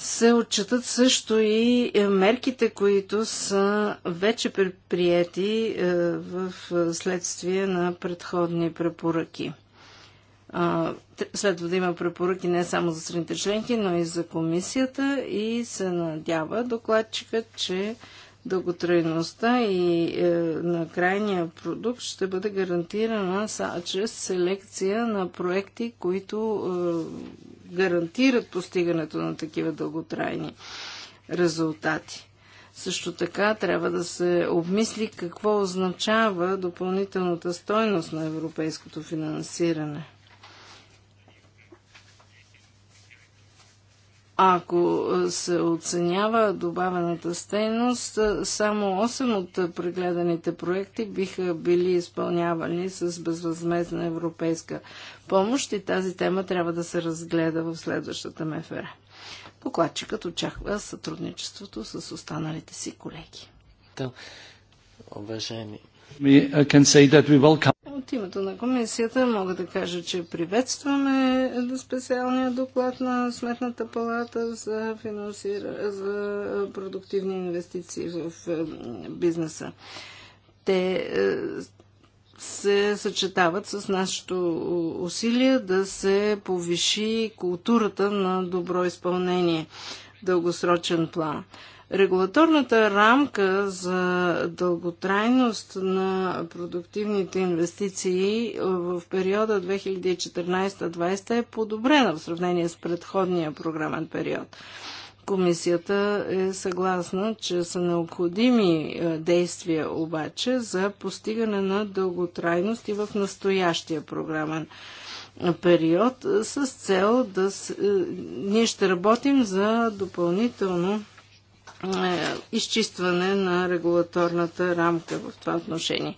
се отчитат също и е, мерките, които са вече предприяти е, в е, следствие на предходни препоръки. Следва да има препоръки не само за страните членки, но и за комисията и се надява докладчика, че дълготрайността и на крайния продукт ще бъде гарантирана чрез селекция на проекти, които гарантират постигането на такива дълготрайни резултати. Също така трябва да се обмисли какво означава допълнителната стойност на европейското финансиране. Ако се оценява добавената стейност, само 8 от прегледаните проекти биха били изпълнявани с безвъзмезна европейска помощ и тази тема трябва да се разгледа в следващата МФР. Докладчикът очаква сътрудничеството с останалите си колеги. Уважаеми. От името на комисията мога да кажа, че приветстваме специалния доклад на Сметната палата за, финансира... за продуктивни инвестиции в бизнеса. Те е, се съчетават с нашето усилие да се повиши културата на добро изпълнение дългосрочен план. Регулаторната рамка за дълготрайност на продуктивните инвестиции в периода 2014-2020 е подобрена в сравнение с предходния програмен период. Комисията е съгласна, че са необходими е, действия обаче за постигане на дълготрайност и в настоящия програмен е, период е, с цел да с... ние ще работим за допълнително е, изчистване на регулаторната рамка в това отношение.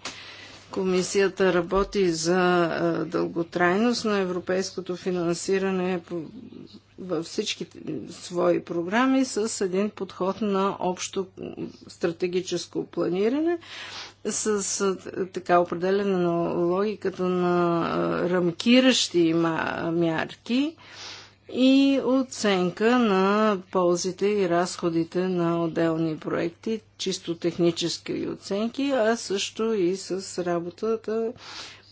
Комисията работи за е, дълготрайност на европейското финансиране във всички свои програми с един подход на общо стратегическо планиране, с е, така определена на логиката на рамкиращи мярки и оценка на ползите и разходите на отделни проекти, чисто технически оценки, а също и с работата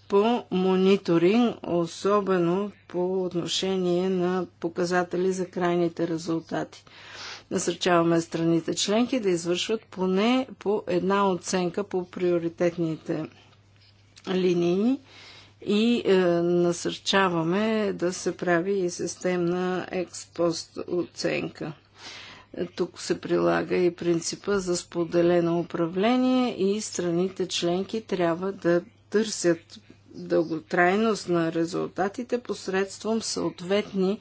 по мониторинг, особено по отношение на показатели за крайните резултати. Насърчаваме страните членки да извършват поне по една оценка по приоритетните линии и е, насърчаваме да се прави и системна експост оценка. Тук се прилага и принципа за споделено управление и страните членки трябва да търсят дълготрайност на резултатите посредством съответни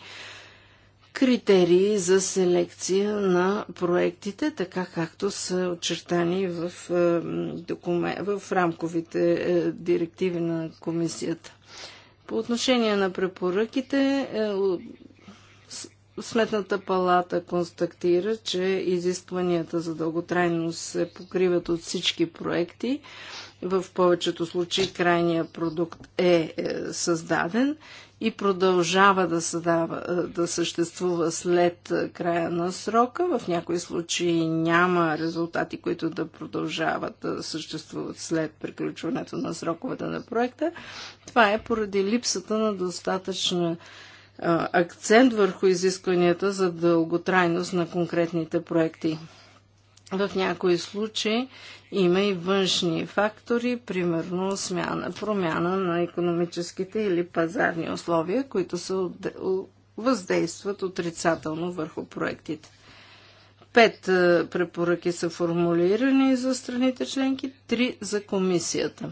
критерии за селекция на проектите, така както са очертани в, е, докумен... в рамковите е, директиви на комисията. По отношение на препоръките, е, Сметната палата констатира, че изискванията за дълготрайност се покриват от всички проекти. В повечето случаи крайният продукт е създаден и продължава да, съдава, е, да съществува след е, края на срока. В някои случаи няма резултати, които да продължават да съществуват след приключването на сроковете на проекта. Това е поради липсата на достатъчно е, акцент върху изискванията за дълготрайност на конкретните проекти. В някои случаи има и външни фактори, примерно смяна, промяна на економическите или пазарни условия, които се въздействат отрицателно върху проектите. Пет е, препоръки са формулирани за страните членки, три за комисията.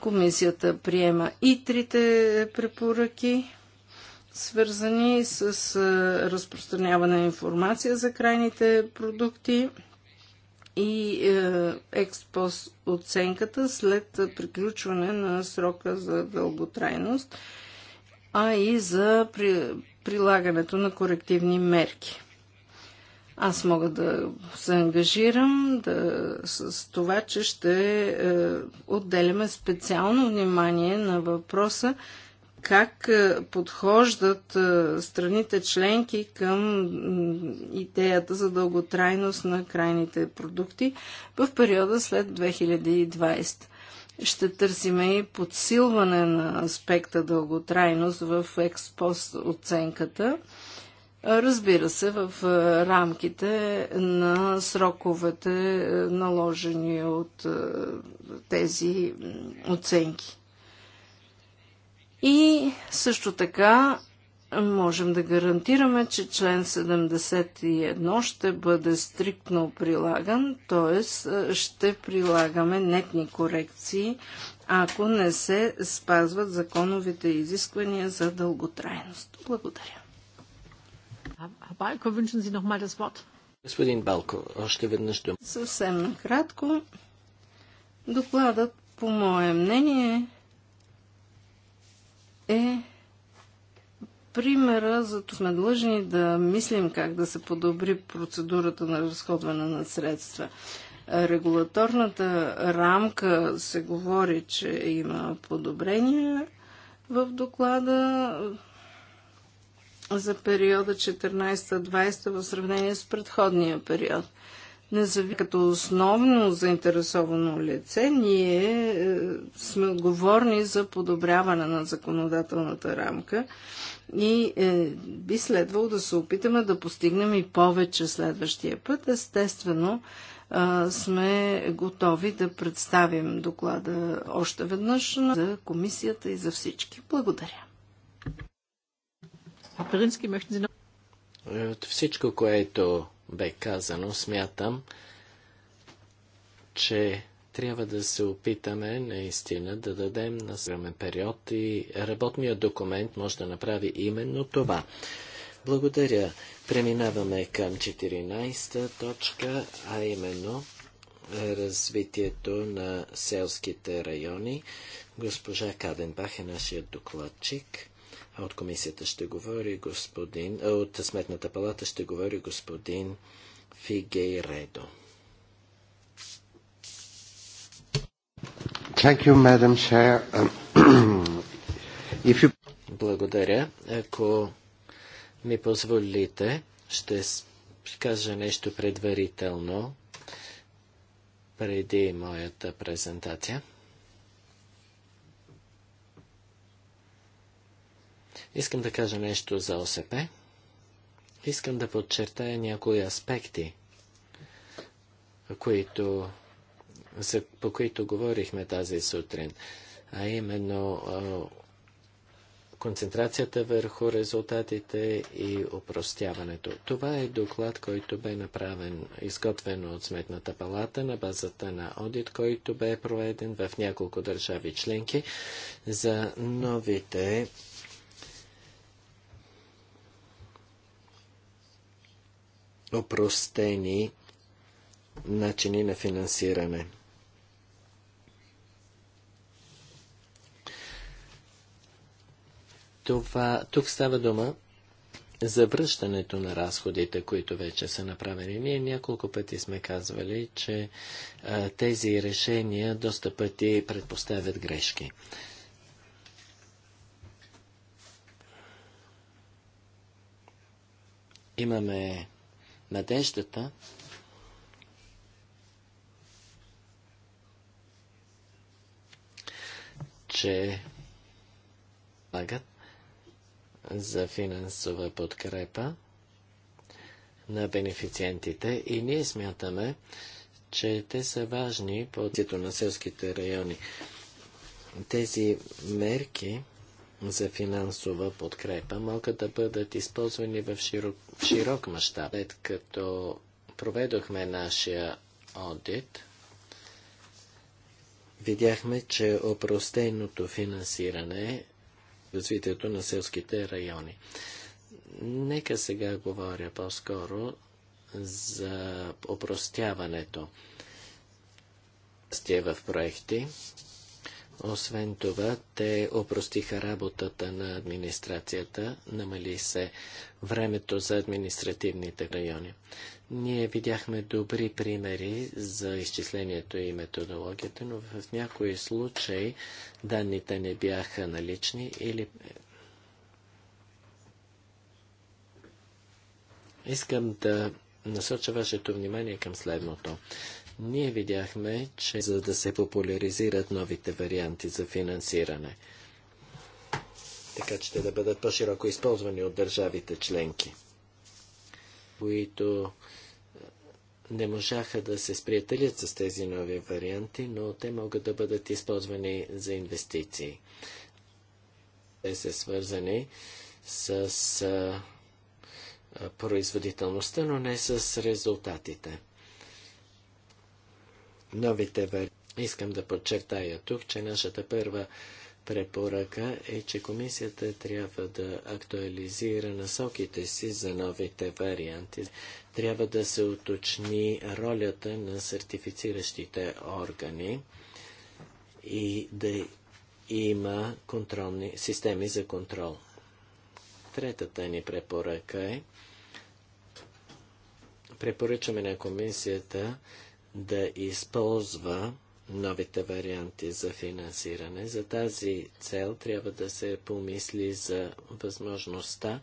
Комисията приема и трите препоръки, свързани с е, разпространяване на информация за крайните продукти, и е, експос оценката след приключване на срока за дълготрайност, а и за при, прилагането на корективни мерки. Аз мога да се ангажирам да, с това, че ще е, отделяме специално внимание на въпроса как е, подхождат е, страните членки към идеята за дълготрайност на крайните продукти в периода след 2020. Ще търсиме и подсилване на аспекта дълготрайност в експост оценката. Разбира се, в е, рамките на сроковете, наложени от тези оценки. И също така можем да гарантираме, че член 71 ще бъде стриктно прилаган, т.е. ще прилагаме нетни корекции, ако не се спазват законовите изисквания за дълготрайност. Благодаря. Балко, вънчен си nochmal das Wort? Господин Балко, още веднъж дума. Съвсем накратко. Докладът, по мое мнение, е примера зато сме длъжни да мислим как да се подобри процедурата на разходване на средства. Регулаторната рамка се говори, че има подобрения в доклада за периода 14-20 в сравнение с предходния период. Назови като основно заинтересовано лице, ние е, сме отговорни за подобряване на законодателната рамка и е, би следвало да се опитаме да постигнем и повече следващия път. Естествено, е, сме готови да представим доклада още веднъж за комисията и за всички. Благодаря. Е, от всичко, което бе казано, смятам, че трябва да се опитаме наистина да дадем на съвремен период и работният документ може да направи именно това. Благодаря. Преминаваме към 14-та точка, а именно развитието на селските райони. Госпожа Каденбах е нашия докладчик. От комисията ще говори господин, от Сметната палата ще говори господин Фигейредо. Thank you, Madam Chair. If you... Благодаря. Ако ми позволите, ще кажа нещо предварително преди моята презентация. Искам да кажа нещо за ОСП. Искам да подчертая някои аспекти, които, за, по които говорихме тази сутрин, а именно концентрацията върху резултатите и упростяването. Това е доклад, който бе направен, изготвен от Сметната палата на базата на одит, който бе проведен в няколко държави членки за новите опростени начини на финансиране. Това, тук става дума за връщането на разходите, които вече са направени. Ние няколко пъти сме казвали, че а, тези решения доста пъти предпоставят грешки. Имаме Надеждата че магът за финансова подкрепа на бенефициентите и ние смятаме, че те са важни по на селските райони. Тези мерки за финансова подкрепа могат да бъдат използвани в широк, в широк мащаб. След като проведохме нашия одит, видяхме, че опростейното финансиране е развитието на селските райони. Нека сега говоря по-скоро за опростяването. Сте в проекти, освен това, те опростиха работата на администрацията, намали се времето за административните райони. Ние видяхме добри примери за изчислението и методологията, но в някои случаи данните не бяха налични или Искам да насоча вашето внимание към следното. Ние видяхме, че за да се популяризират новите варианти за финансиране, така че те да бъдат по-широко използвани от държавите членки, които не можаха да се сприятелят с тези нови варианти, но те могат да бъдат използвани за инвестиции. Те са свързани с производителността, но не с резултатите новите варианти. Искам да подчертая тук, че нашата първа препоръка е, че комисията трябва да актуализира насоките си за новите варианти. Трябва да се уточни ролята на сертифициращите органи и да има контролни, системи за контрол. Третата ни препоръка е препоръчваме на комисията да използва новите варианти за финансиране. За тази цел трябва да се помисли за възможността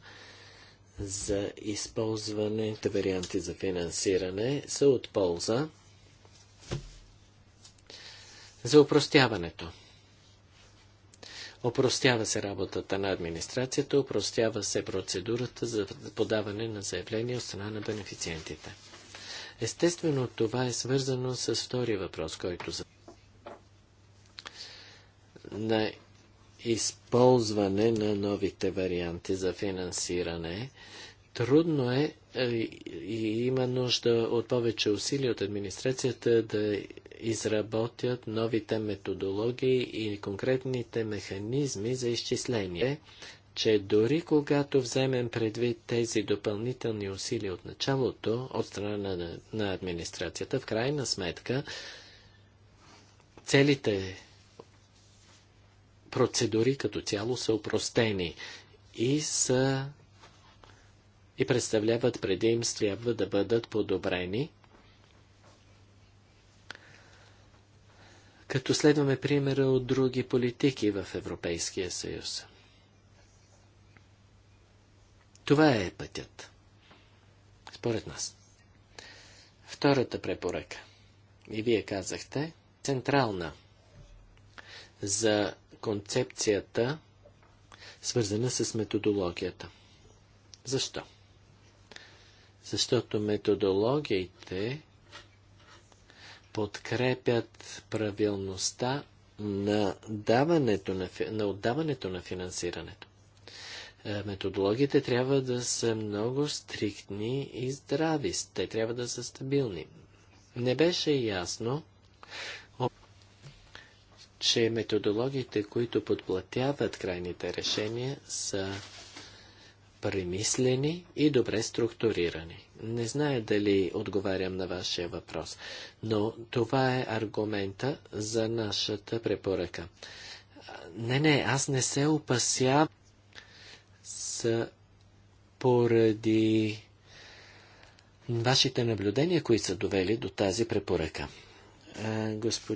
за използваните варианти за финансиране са от полза за упростяването. Опростява се работата на администрацията, опростява се процедурата за подаване на заявления от страна на бенефициентите. Естествено, това е свързано с втория въпрос, който за на използване на новите варианти за финансиране. Трудно е, е и има нужда от повече усилия от администрацията да изработят новите методологии и конкретните механизми за изчисление че дори когато вземем предвид тези допълнителни усилия от началото, от страна на, на администрацията, в крайна сметка, целите процедури като цяло са упростени и са и представляват предимства, трябва да бъдат подобрени. Като следваме примера от други политики в Европейския съюз. Това е пътят. Според нас. Втората препоръка. И вие казахте, централна за концепцията, свързана с методологията. Защо? Защото методологиите подкрепят правилността на, даването на, на отдаването на финансирането. Е, методологиите трябва да са много стриктни и здрави. Те трябва да са стабилни. Не беше ясно, че методологите, които подплатяват крайните решения, са премислени и добре структурирани. Не зная дали отговарям на вашия въпрос, но това е аргумента за нашата препоръка. Не, не, аз не се опасявам с поради вашите наблюдения, които са довели до тази препоръка. Господин